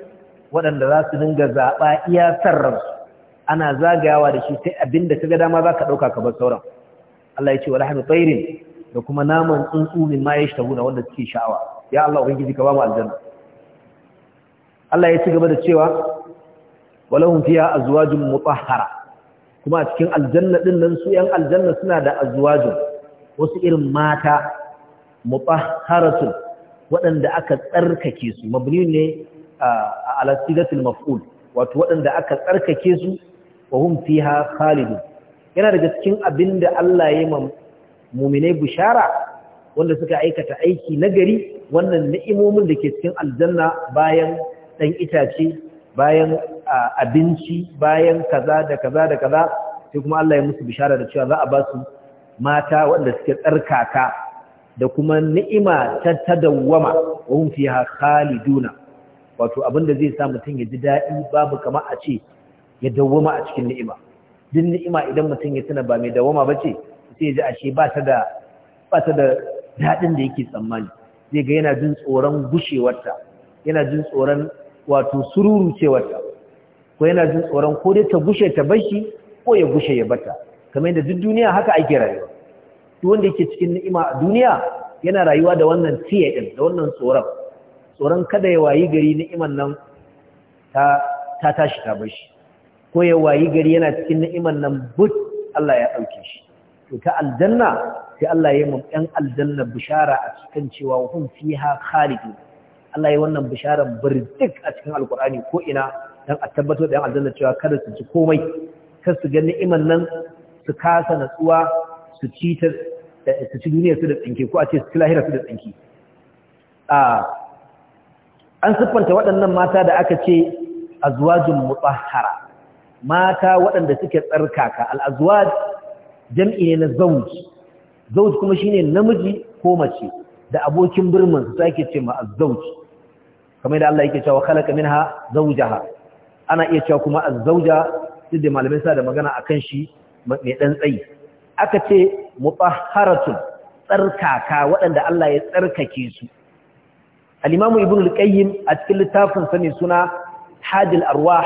waɗanda za su dinga zaɓa iya sarrafa ana zagayawa da shi sai abinda ta ga dama zaka ka ka kamar sauran Allah ya ce wa rahama tayrin da kuma naman tsuntsu ne ma yashtahuna wanda suke sha'awa ya Allah ubangiji ka ba mu aljanna Allah ya ci gaba da cewa walahum fiha azwajun mutahhara kuma a cikin aljanna din nan su yan aljanna suna da azwajun wasu irin mata mutahharatun waɗanda aka tsarkake su mabni ne a alasidatul maf'ul wato waɗanda aka tsarkake su wa hum fiha khalidun yana daga cikin abinda Allah ya yi mu'minai bishara wanda suka aikata aiki nagari wannan ni'imomin da ke cikin aljanna bayan ɗan itace bayan abinci bayan kaza da kaza da kaza sai kuma Allah ya musu bishara da cewa za a ba su mata waɗanda suke tsarkaka da kuma ni'ima ta tadawwama wa hum fiha khaliduna wato abinda zai sa mutum ya ji daɗi babu kama a ce ya dawwama a cikin ni'ima duk ni'ima idan mutum ya tuna ba mai dawwama bace ce sai ya ji ashe ba ta da ba ta da daɗin da yake tsammani zai ga yana jin tsoron gushewarta yana jin tsoron wato sururu cewarta ko yana jin tsoron ko dai ta gushe ta bashi ko ya gushe ya bata kamar yadda duk duniya haka ake rayuwa duk wanda yake cikin ni'ima a duniya yana rayuwa da wannan tiye din da wannan tsoron tsoron kada ya wayi gari ni'iman nan ta ta tashi ta bashi ko ya wayi gari yana cikin ni'iman nan but Allah ya dauke shi to ta aljanna sai Allah ya yi mu ɗan aljanna bishara a cikin cewa hum fiha khalidun Allah ya wannan bisharar birtik a cikin alkur'ani ko ina dan a tabbatar da yan aljanna cewa kada su ci komai kar su ga ni'imar nan su kasa natsuwa su ci ta su ci duniya su da tsinke ko a ce su lahira su da tsinke a an siffanta waɗannan mata da aka ce azwajun mutahhara mata waɗanda suke tsarkaka al-azwaj jam'i ne na zawj zawj kuma shine namiji ko mace da abokin birman su sake ce ma azzauci kamar da Allah yake cewa khalaqa minha zawjaha ana iya cewa kuma az-zawja duk malamai sa da magana akan shi mai dan tsayi aka ce mutahharatun tsarkaka waɗanda Allah ya tsarkake su al-imam al-qayyim a cikin littafin sa mai suna hadil arwah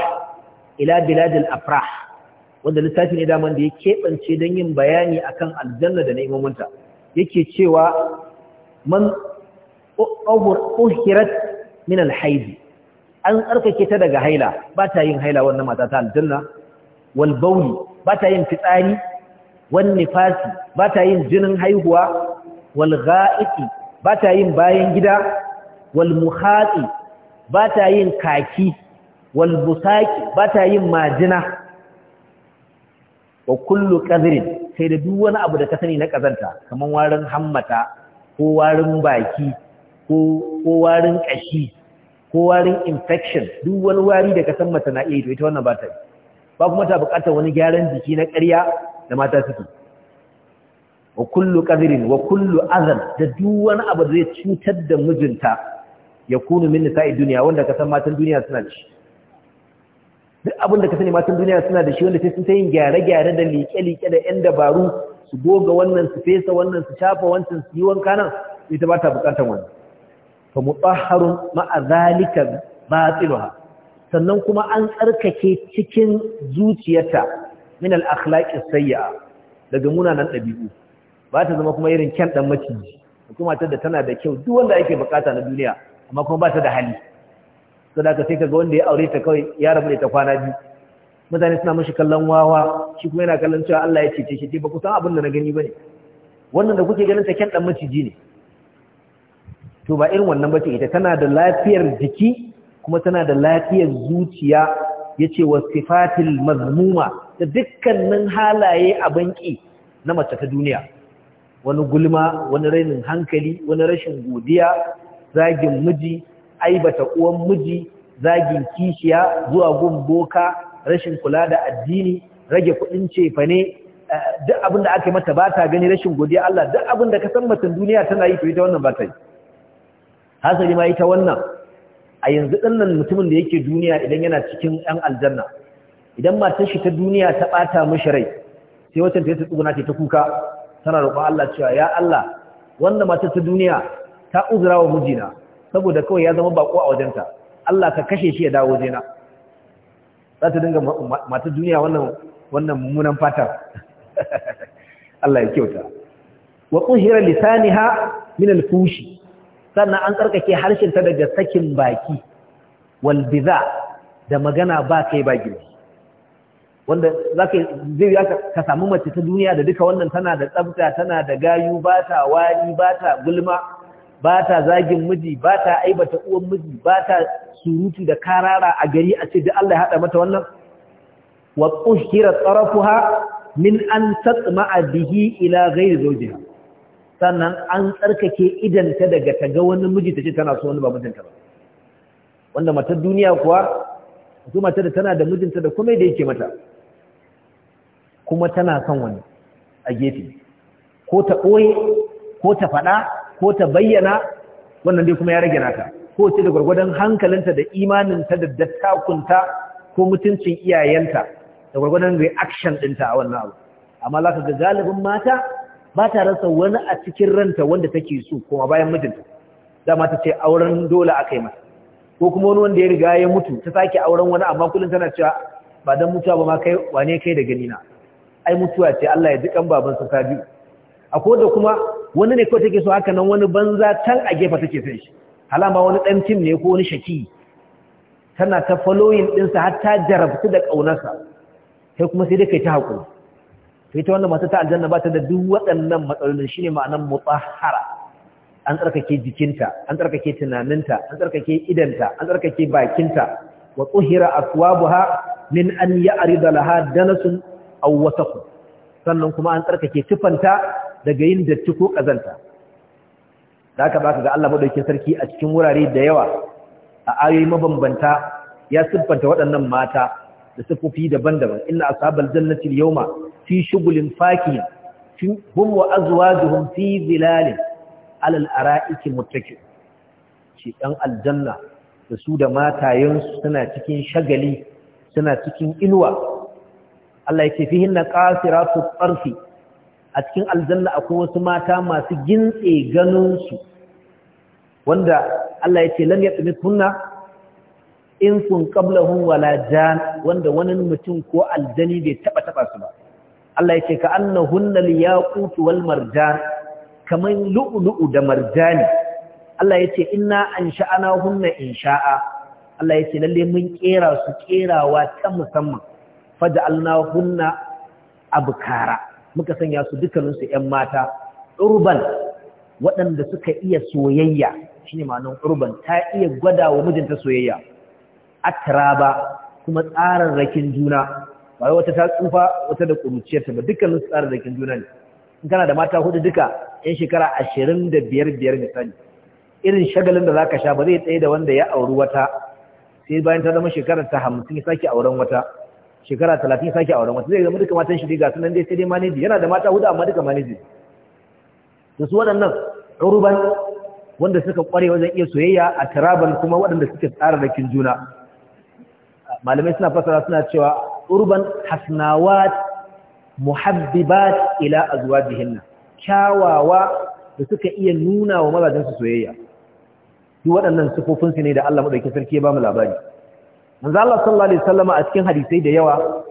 ila bilad al-afrah wanda littafi ne daman da ya keɓance don yin bayani akan aljanna da ni'imominta yake cewa man uhirat min alhaizi an tsarkake ta daga haila ba ta yin haila wannan mata ta aljanna wal ba ta yin fitsari wal nifasi ba ta yin jinin haihuwa wal gha'iti ba ta yin bayan gida wal muhaqi ba ta yin kaki wal busaki ba ta yin majina wa kullu qadrin sai da duk wani abu da ka sani na kazanta kaman warin hammata ko warin baki ko ko warin kashi ko warin infection duk wani wari da ka san mata na iya ita wannan ba ta yi ba kuma ta bukatar wani gyaran jiki na ƙarya da mata suke wa kullu qadirin wa kullu azan da duk wani abu da zai cutar da mijinta ya kunu min nisa'i duniya wanda ka san matan duniya suna da shi duk abin da ka sani matan duniya suna da shi wanda sai sun ta yin gyare-gyare da liƙe-liƙe da 'yan dabaru su goga wannan su fesa wannan su shafa wancan su yi wanka nan ita ba ta bukatar wannan fa mutahharun ma'a zalika batiluha sannan kuma an tsarkake cikin zuciyarta min al-akhlaqi sayyi'a daga munanan dabi'u ba ta zama kuma irin kyan dan maciji kuma ta da tana da kyau duk wanda ake bukata na duniya amma kuma ba ta da hali sadaka sai kaga wanda ya aure ta kawai ya rabu da ta kwana biyu mutane suna mashi kallon wawa shi kuma yana kallon cewa Allah ya ce, shi ba ku san abin da na gani bane wannan da kuke ganin ta kyan dan maciji ne to ba irin wannan bace ita tana da lafiyar jiki kuma tana da lafiyar zuciya yace sifatil mazmuma da dukkanin halaye a banki na mace ta duniya wani gulma wani rainin hankali wani rashin godiya zagin miji aibata uwan miji zagin kishiya zuwa gun boka rashin kula da addini rage kudin cefane, ne eh, duk abin da aka yi mata ba gani rashin godiya Allah duk abin da ka san mutum duniya tana yi to ita wannan ba yi hasali ma ita wannan a yanzu ɗannan mutumin da yake duniya idan yana cikin ‘yan aljanna idan matar shi ta duniya ta ɓata mashi rai sai wacce ta yi tsuguna ta kuka tana roƙon Allah cewa ya Allah wanda matar ta duniya ta uzura wa mijina saboda kawai ya zama bako a wajenta Allah ka kashe shi ya dawo wajena za ta dinga matar duniya wannan wannan mummunan fata Allah ya kyauta wa qahira lisaniha min al-fushi sannan an tsarkake harshen ta daga sakin baki walbiza, da magana ba kai ba girki. wanda zaka zai ka samu mace ta duniya da duka wannan tana da tsabta, tana da gayu ba ta wani ba ta gulma ba ta zagin miji ba ta aibata uwan miji ba ta surutu da karara a gari a ce da Allah ya haɗa mata wannan wa ushira tarafuha min an tatma'a bihi ila ghairi zawjiha sannan an tsarkake idanta daga ta ga wani miji ta ce tana so wani ba mijinta ba wanda matar duniya kuwa su matar da tana da mijinta da kuma da yake mata kuma tana son wani a gefe ko ta ɓoye ko ta faɗa ko ta bayyana wannan dai kuma ya rage nata ko ce da gwargwadon hankalinta da imaninta da dattakunta ko mutuncin iyayenta da gwargwadon reaction ɗinta a wannan abu amma za ka ga galibin mata ba ta rasa wani a cikin ranta wanda take so kuma bayan mijinta dama ta ce auren dole aka yi masa, ko kuma wani wanda ya riga ya mutu ta sake auren wani amma kullum tana cewa ba dan mutuwa ba ma kai wane kai da gani ai mutuwa ce Allah ya ji kan baban sa sabi akwai da kuma wani ne kawai take so haka nan wani banza tan a gefe take son shi halama wani dan tim ne ko wani shaki tana ta following ɗinsa har ta jarabtu da ƙaunarsa sai kuma sai dai kai ta hakuri to ita wannan mata ta aljanna ba ta da duk waɗannan matsalolin shi ne ma'anar mutahhara an tsarkake jikinta an tsarkake tunaninta an tsarkake idanta an tsarkake bakinta wa tsuhira aswabuha min an ya'rid laha danasun aw sannan kuma an tsarkake tufanta daga yin datti ko kazanta da haka baka ga Allah madaukakin sarki a cikin wurare da yawa a ayoyi mabambanta ya siffanta waɗannan mata da sifofi daban-daban inna ashabal jannati al-yawma fi shughulin fakihin hum wa azwajuhum fi zilalin ala al-ara'iki muttaki shi dan aljanna da su da matayensu suna cikin shagali suna cikin inuwa Allah yake fihin na qasiratu tarfi a cikin aljanna akwai wasu mata masu gintse ganin su wanda Allah yake lam yatmi kunna In insun qablahum wala jan wanda wani mutum ko aljani bai taba taba su ba Allah yake ka annahunna al-yaqut wal marjan kaman lu'lu'u da marjani Allah yake inna hunna insha'a Allah yace lalle mun kera su kerawa ta musamman hunna abkara muka sanya su dukkanin su ƴan mata urban waɗanda suka iya soyayya shine ma'anar urban ta iya gwada wa mijinta soyayya atraba kuma tsarin rakin juna ba wata ta tsufa wata da ta ba dukkanin rakin juna ne in kana da mata hudu duka yan shekara ashirin da biyar biyar misali irin shagalin da zaka sha ba zai tsaye da wanda ya auri wata sai bayan ta zama shekarar ta hamsin ya sake auren wata shekara talatin ya sake auren wata zai zama duka matan shi ga sunan dai sai dai maneji yana da mata hudu amma duka maneji da su waɗannan uruban wanda suka kware wajen iya soyayya a taraban kuma waɗanda suke tsara rakin juna malamai suna fasara suna cewa urban hasnawat muhabbibat ila azwajihinna kyawawa da suka iya nuna wa su soyayya duk waɗannan sufofin su ne da Allah madaukakin sarki ya ba mu labari manzo Allah sallallahu alaihi wasallama a cikin hadisai da yawa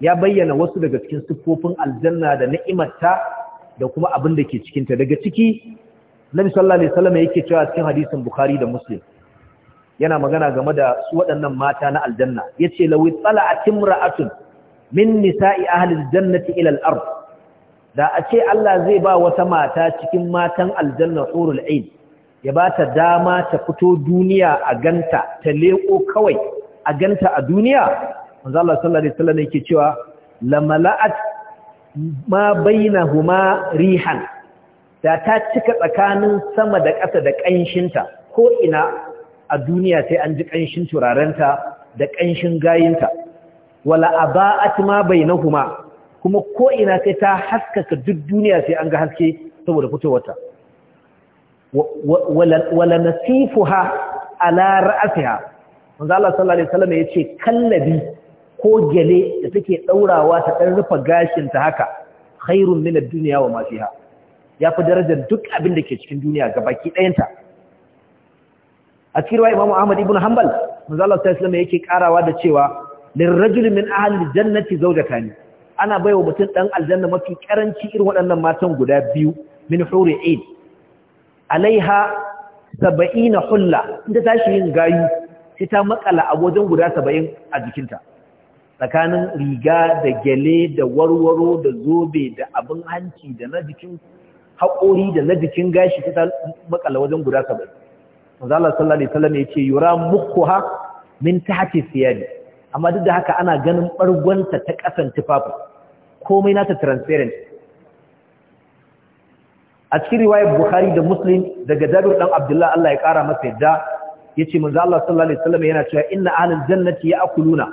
ya bayyana wasu daga cikin sufofin aljanna da ni'imarta da kuma abin da ke cikinta daga ciki Nabi sallallahu alaihi wasallama yake cewa cikin hadisin Bukhari da Muslim yana magana game da su waɗannan mata na aljanna yace lawi a imra'atun min nisa'i ahli aljannati ila al da a ce Allah zai ba wata mata cikin matan aljanna hurul ain ya ba ta dama ta fito duniya a ganta ta leƙo kawai a ganta a duniya manzo Allah sallallahu alaihi ke cewa lamala'at ma huma rihan da ta cika tsakanin sama da ƙasa da ƙanshinta ko ina a duniya sai an ji ƙanshin turarenta da ƙanshin gayinta wala aba'at ma bainahuma kuma ko ina sai ta haskaka duk duniya sai an ga haske saboda fitowarta wala nasifuha ala ra'siha manzo Allah sallallahu alaihi wasallam yace kallabi ko gele da take daurawa ta dan rufa gashin ta haka khairun min duniya dunya wa ma fiha yafi darajar duk abin da ke cikin duniya gabaki ɗayanta a cikin ruwa Imam Ahmad ibn Hanbal manzo Allah sallallahu yake karawa da cewa rajul min ahli jannati zawjatani ana baiwa mutum dan aljanna mafi karanci irin waɗannan matan guda biyu min huri ain alaiha 70 hulla inda tashi yin gayu sai ta makala a wajen guda 70 a jikinta tsakanin riga da gele da warwaro da zobe da abin hanci da na jikin haƙori da na jikin gashi ta makala wajen guda saba'in Allah sallallahu alaihi wasallam yace yura mukhuha min tahti siyadi amma duk da haka ana ganin bargwanta ta kasan tufafi komai nata transparent a cikin riwayar Bukhari da Muslim daga Jabir dan Abdullah Allah ya kara masa yadda yace manzo Allah sallallahu alaihi wasallam yana cewa inna ahlal jannati ya'kuluna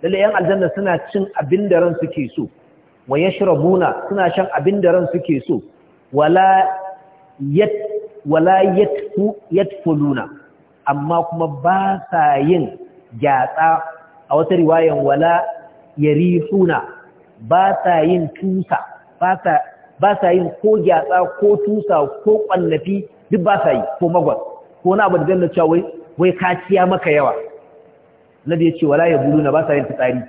lalle yan aljanna suna cin abin da ran suke so wa yashrabuna suna shan abin da ran suke so wala yat wala yatfuluna amma kuma ba sa yin gyatsa a wata riwayan wala yarihuna ba sa yin tusa ba sa yin ko gyatsa ko tusa ko kwallafi duk ba sa yi ko magwal ko na abu da zan cewa wai kaciya maka yawa nabi ya ce wala yabuluna ba sa yin fitsari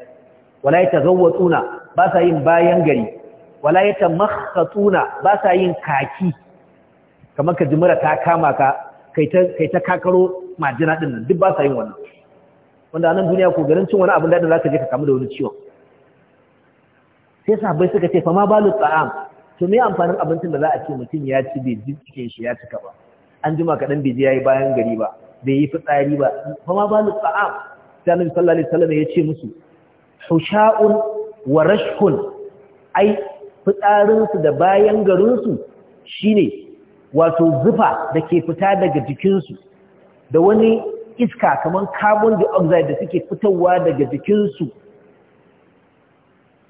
wala yatazawwatuna ba sa yin bayan gari wala yatamakhatuna ba sa yin kaki kamar ka jimura ta kama ka kai ta kakaro majina ɗin nan duk ba sa yin wannan wanda a nan duniya ko garin cin wani abin daɗin za ka je ka kamu da wani ciwon sai sahabbai suka ce fama balu tsa'am to me amfanin abincin da za a ce mutum ya ci bai ji cikin shi ya cika ba an jima kaɗan bai je ya yi bayan gari ba bai yi fitsari ba fama balu tsa'am sai annabi sallallahu alaihi wasallam ya ce musu husha'un wa rashkun ai fitsarinsu da bayan garinsu shine wato zufa da ke fita daga jikinsu da wani iska kamar carbon dioxide da suke fitowa daga jikinsu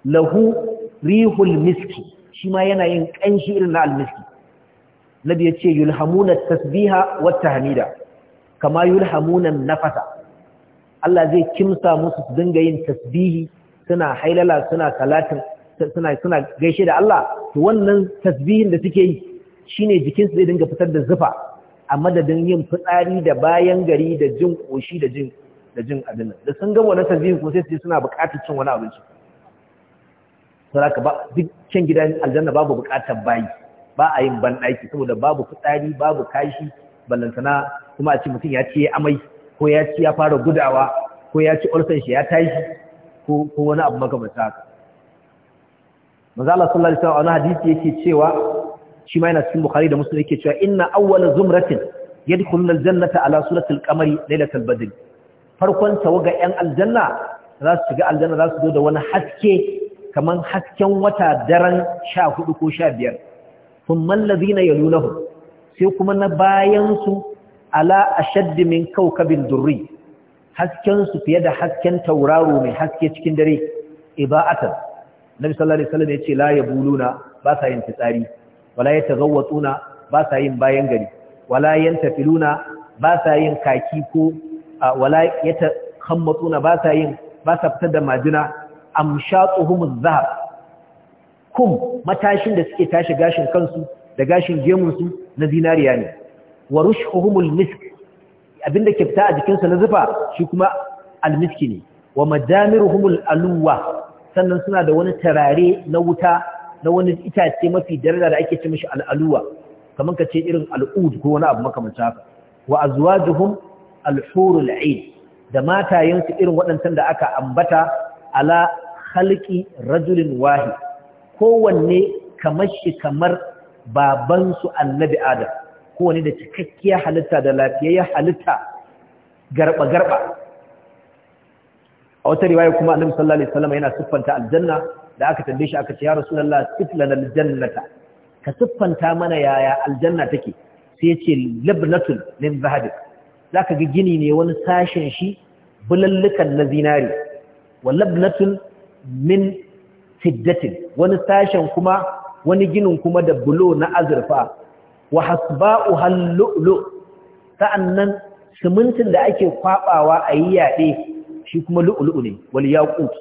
lahu rihul miski shi ma yana yin ƙanshi irin na almiski nabi ya ce yulhamuna tasbiha wata hamida kama yulhamunan nafasa Allah zai kimsa musu su dinga yin tasbihi suna hailala suna talatin suna gaishe da Allah to wannan tasbihin da suke yi shine jikinsu zai dinga fitar da zufa a madadin yin fitsari da bayan gari da jin koshi da jin da jin abin da sun gama wannan tanzihin kuma sai su suna buƙatar cin wani abinci saboda ba duk can gidan aljanna babu buƙatar bayi ba a yin ban ɗaki saboda babu fitsari babu kashi ballantana kuma a ce mutum ya ci amai ko ya ci ya fara gudawa ko ya ci ulsan shi ya tashi ko wani abu makamanta haka manzo Allah sallallahu alaihi wasallam hadisi yake cewa shi ma yana cikin bukhari da muslim yake cewa inna awwala zumratin yadkhuluna aljannata ala suratil qamari lailatul badr farkon tawaga yan aljanna za su shiga aljanna za su zo da wani haske kaman hasken wata daren 14 ko 15 thumma alladhina yalunahu sai kuma na bayan su ala ashadd min kawkabin durri hasken su fiye da hasken tauraro mai haske cikin dare iba'atan nabi sallallahu alaihi wasallam ce, la yabuluna ba sa yin fitsari wala yataghawwatuna ba sa yin bayan gari wala yantafiluna ba sa yin kaki ko wala yatakhammatuna ba sa yin ba sa fitar da majina amshatuhumuz zahab kum matashin da suke tashi gashin kansu da gashin gemunsu na zinariya ne wa rushuhumul misk abinda ke fita a jikinsa na zufa shi kuma almiski ne wa majamiruhumul aluwa sannan suna da wani tarare na wuta na wani itace mafi daraja da ake ce shi al'aluwa kamar ka ce irin al'ud ko wani abu makamanta haka wa azwajuhum al-hurul aid da matayensu irin waɗancan da aka ambata ala khalqi rajulin wahid kowanne kamar shi kamar babansu annabi adam kowanne da cikakkiyar halitta da lafiyayyar halitta garba-garba a wata riwaya kuma annabi sallallahu alaihi wasallam yana siffanta aljanna da aka tambaye shi aka ce ya rasulullah siflana aljannata ka siffanta mana yaya aljanna take sai ya ce labnatul min zahabik zaka ga gini ne wani sashen shi bulallukan na zinari wa labnatul min fiddatin wani sashen kuma wani ginin kuma da bulo na azurfa wa hasba'uha lu'lu sa'annan simintin da ake kwabawa a yi yaɗe shi kuma lu'lu ne wal yaqut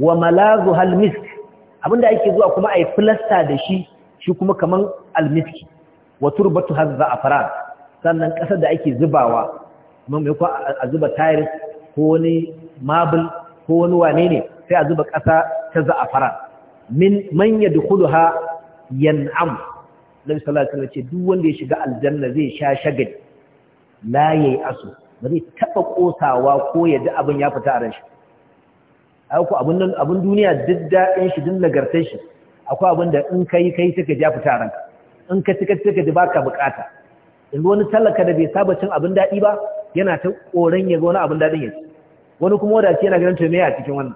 wa malazu halmisk abinda ake zuwa kuma a yi filasta da shi shi kuma kaman almiski wa turbatu hazza fara? sannan kasar da ake zubawa kuma mai a zuba tiles ko wani mabul ko wani wane ne sai a zuba ƙasa ta za'afaran min man yadkhuluha yan'am Nabi sallallahu alaihi ce duk wanda ya shiga aljanna zai sha shagali la yayi asu ba zai taɓa ƙosawa ko ya abin ya fita a ran aiko abin nan abin duniya duk daɗin shi duk nagartar shi akwai abin da in kai kai take ja fita ranka in ka tika take ji baka bukata yanzu wani talaka da bai saba cin abin daɗi ba yana ta koran ya ga wani abin daɗin ya wani kuma wadace yana ganin to me a cikin wannan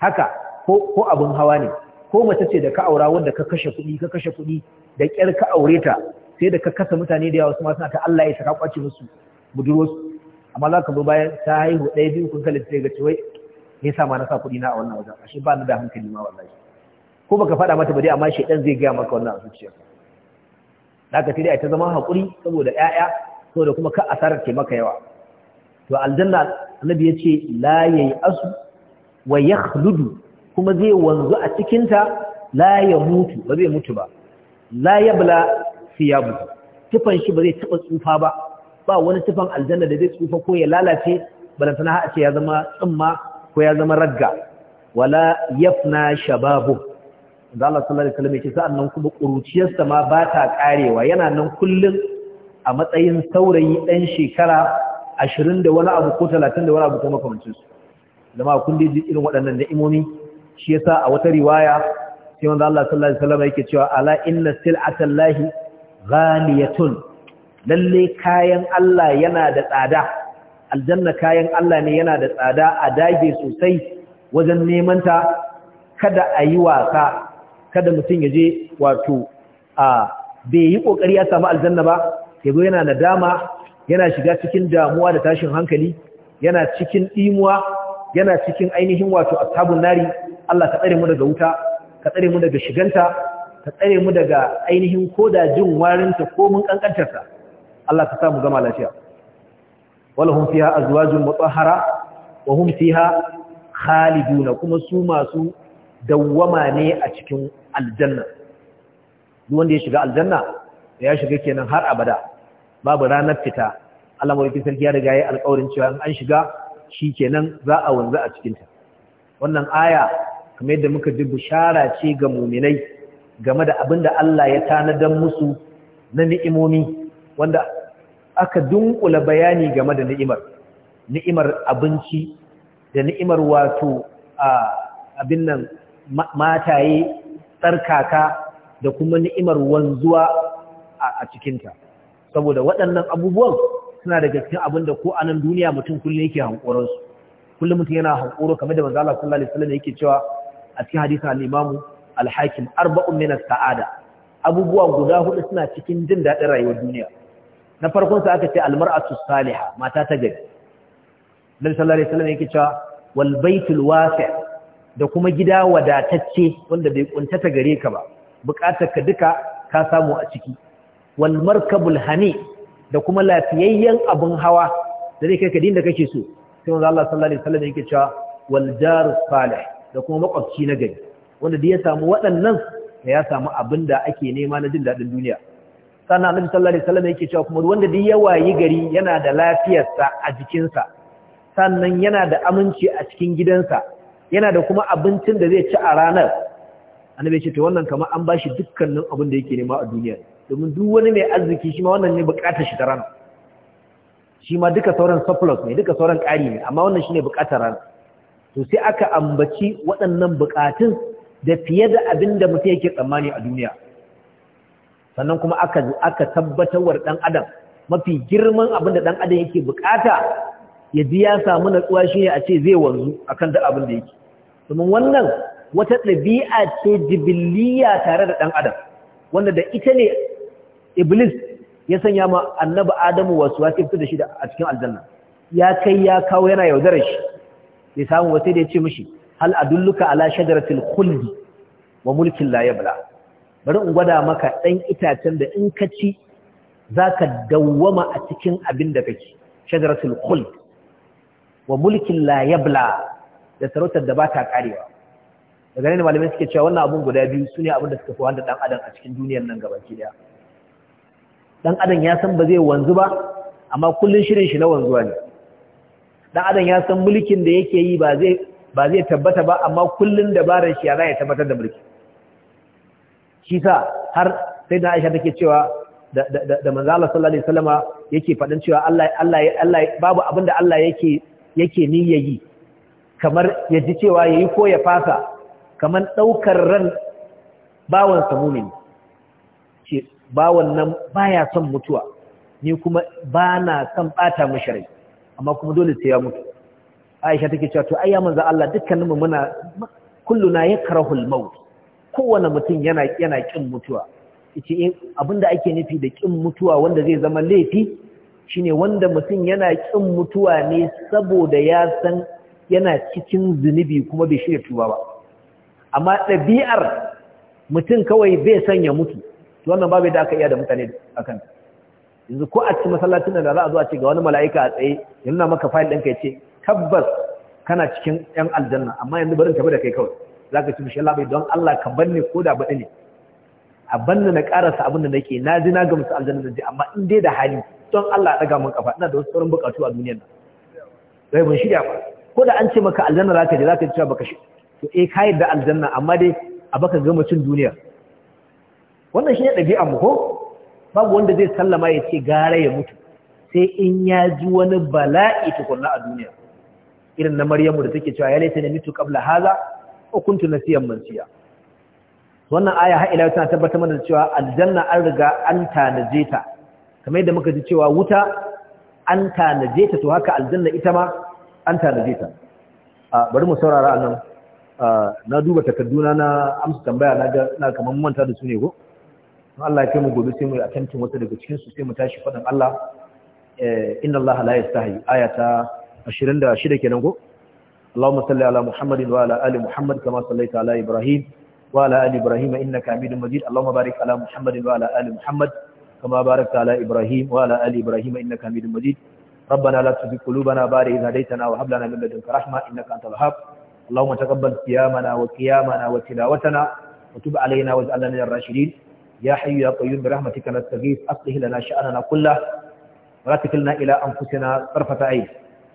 haka ko ko abin hawa ne ko mace ce da ka aura wanda ka kashe kuɗi ka kashe kuɗi da ƙyar ka aure ta sai da ka kasa mutane da yawa su ma suna ta Allah ya saka kwaci musu budurwarsu amma za ka zo bayan ta haihu ɗaya biyu kun kalli sai ga ce me yasa ma na sa kuɗi na a wannan wajen ashe ba ni da hankali ma wallahi ko baka faɗa mata ba dai amma shedan zai gaya maka wannan a zuciyarka zaka ta zama hakuri saboda ƴaƴa saboda kuma ka asarar ke maka yawa to aljanna annabi yace la yayasu wa yakhludu kuma zai wanzu a cikin ta la ya mutu ba zai mutu ba la yabla siyabu tufan shi ba zai taba tsufa ba ba wani tufan aljanna da zai tsufa ko ya lalace balantana har a ce ya zama tsimma ko ya zama ragga wala yafna shababu da Allah sallallahu alaihi wasallam yake sa'annan kuma kuruciyarsa ma ba ta karewa yana nan kullun a matsayin saurayi dan shekara 20 da wani abu ko 30 da wani abu ko makamancin su jama'a kun ji irin waɗannan da'imomi shi yasa a wata riwaya sai wanda Allah sallallahu alaihi wasallam yake cewa ala inna sil'atallahi ghaliyatun lalle kayan Allah yana da tsada aljanna kayan Allah ne yana da tsada a dage sosai wajen neman ta kada a yi wasa kada mutum ya je wato a bai yi kokari ya samu aljanna ba yazo yana nadama yana shiga cikin damuwa da tashin hankali yana cikin dimuwa yana cikin ainihin wato ashabun nari Allah ka tsare mu daga wuta ka tsare mu daga shiganta ka tsare mu daga ainihin koda jin warinta ko mun kankantarsa Allah ka mu zama lafiya walahum fiha azwajun mutahhara wa hum fiha khalidun kuma su masu dawwama ne a cikin aljanna duk wanda ya shiga aljanna ya shiga kenan har abada babu ranar fita Allah mai sarki ya riga ya alƙawarin cewa in an shiga shi shikenan za a wanzu a cikin ta wannan aya kamar yadda muka ji bishara ce ga muminai game da abinda Allah ya tanadan musu na ni'imomi wanda aka dunkula bayani game da ni'imar ni'imar abinci da ni'imar wato abin nan mataye tsarkaka da kuma ni'imar wanzuwa a cikinta saboda waɗannan abubuwan suna daga cikin abin da ko a nan duniya mutum kullum yake hankoransu kullum mutum yana hankoro kamar da manzala sallallahu alaihi wasallam yake cewa a cikin hadisin al-imamu al-hakim arba'un min as-sa'ada abubuwa guda hudu suna cikin jin daɗin rayuwar duniya na farkon sa aka ce almar'atu salihah mata ta gari Nabi sallallahu alaihi wasallam yake cewa wal baitul wasi' da kuma gida wadatacce wanda bai kuntata gare ka ba ka duka ka samu a ciki wal markabul hani da kuma lafiyayyen abun hawa da zai kai ka dinda kake so sai manzo Allah sallallahu alaihi wasallam yake cewa wal jar salih da kuma makwabci na gari wanda da ya samu waɗannan ya samu abinda ake nema na jin daɗin duniya sannan annabi sallallahu alaihi wasallam yake cewa kuma wanda duk ya wayi gari yana da lafiyarsa a jikinsa sannan yana da aminci a cikin gidansa yana da kuma abincin da zai ci a ranar annabi ce to wannan kamar an bashi dukkanin abin da yake nema a duniya domin duk wani mai arziki shi ma wannan ne bukatar shi ta rana shi ma duka sauran surplus ne duka sauran ƙari ne amma wannan shine bukatar rana to sai aka ambaci waɗannan bukatun da fiye da abin da mutum yake tsammani a duniya sannan kuma aka aka tabbatarwar dan adam mafi girman abin da dan adam yake bukata ya ji ya samu natsuwa shine a ce zai wanzu akan da abin da yake domin wannan wata dabi'a ce jibiliya tare da dan adam wanda da ita ne iblis ya sanya ma annabi adamu wasu wasu fito da shi a cikin aljanna ya kai ya kawo yana yaudarar shi ya samu wasu da ya ce mishi hal adulluka ala shajaratil khuldi wa mulkin la yabla bari in gwada maka ɗan itacen da in ka ci za ka dawwama a cikin abin da kake shajaratul Kul wa mulkin la yabla da sarautar da ba ta karewa daga nan malamai suke cewa wannan abun guda biyu sune abin da suka fi wanda dan adam a cikin duniyar nan ke daya dan adam ya san ba zai wanzu ba amma kullun shirin shi na wanzuwa ne dan adam ya san mulkin da yake yi ba zai ba zai tabbata ba amma kullun dabarar shi ya za tabbatar da mulki shi sa har sai da Aisha take cewa da da manzo Allah sallallahu alaihi wasallama yake fadin cewa Allah Allah Allah babu abin da Allah yake yake niyyayi kamar yaji cewa yayi ko ya fasa kamar daukar ran bawan sa mumin ce bawan nan baya son mutuwa ni kuma bana son bata mishi amma kuma dole sai ya mutu Aisha take cewa to ayyamin za Allah dukkaninmu muna kulluna yakrahul maut kowane mutum yana yana kin mutuwa eh, abin abinda ake nufi da kin mutuwa wanda zai zama laifi shine wanda mutum yana kin mutuwa ne saboda ya san yana cikin zunubi kuma bai shirya tuba ba amma ɗabi'ar mutum kawai bai san ya mutu to wannan babu da aka iya da mutane akan yanzu ko a cikin masallacin da za a zo a ce ga wani mala'ika a tsaye ya nuna maka fayil ɗinka ya ce tabbas kana cikin 'yan aljanna amma yanzu barin tafi da kai kawai za ka ci mishi labai don Allah ka banne ko da baɗi ne a banne na ƙarasa abin da nake na ji na musu aljanna da amma in dai da hali don Allah ɗaga min kafa ina da wasu sauran buƙatu a duniyar nan bai ban shirya ba ko da an ce maka aljanna za ka je za ka ji cewa baka shi to eh ka da aljanna amma dai a baka gama cin duniya wannan shi ne ɗabi'a mu ko babu wanda zai sallama ya ce gara ya mutu sai in ya ji wani bala'i tukunna a duniya irin na maryamu da take cewa ya laita ne mitu qabla haza ukuntu nasiyan mansiya wannan aya har ila tana tabbatar mana cewa aljanna an riga an tanaje ta kamar yadda muka ji cewa wuta an tanaje ta to haka aljanna ita ma an tanaje ta bari mu saurara anan na duba takarduna na amsa tambaya na ga ina kamar manta da su ne ko Allah ya kai mu gobe sai mu yi akantin wata daga cikin su sai mu tashi faɗin Allah eh, inna Allah la yastahi ayata 26 kenan ko اللهم صل على محمد وعلى آل محمد كما صليت على إبراهيم وعلى آل إبراهيم إنك حميد مجيد اللهم بارك على محمد وعلى آل محمد كما باركت على إبراهيم وعلى آل إبراهيم إنك حميد مجيد ربنا لا تزغ قلوبنا بعد إذ هديتنا وهب لنا من لدنك رحمة إنك أنت الوهاب اللهم تقبل صيامنا وقيامنا وتلاوتنا وتب علينا واجعلنا من الراشدين يا حي يا قيوم برحمتك نستغيث أصلح لنا شأننا كله ولا تكلنا إلى أنفسنا طرفة عين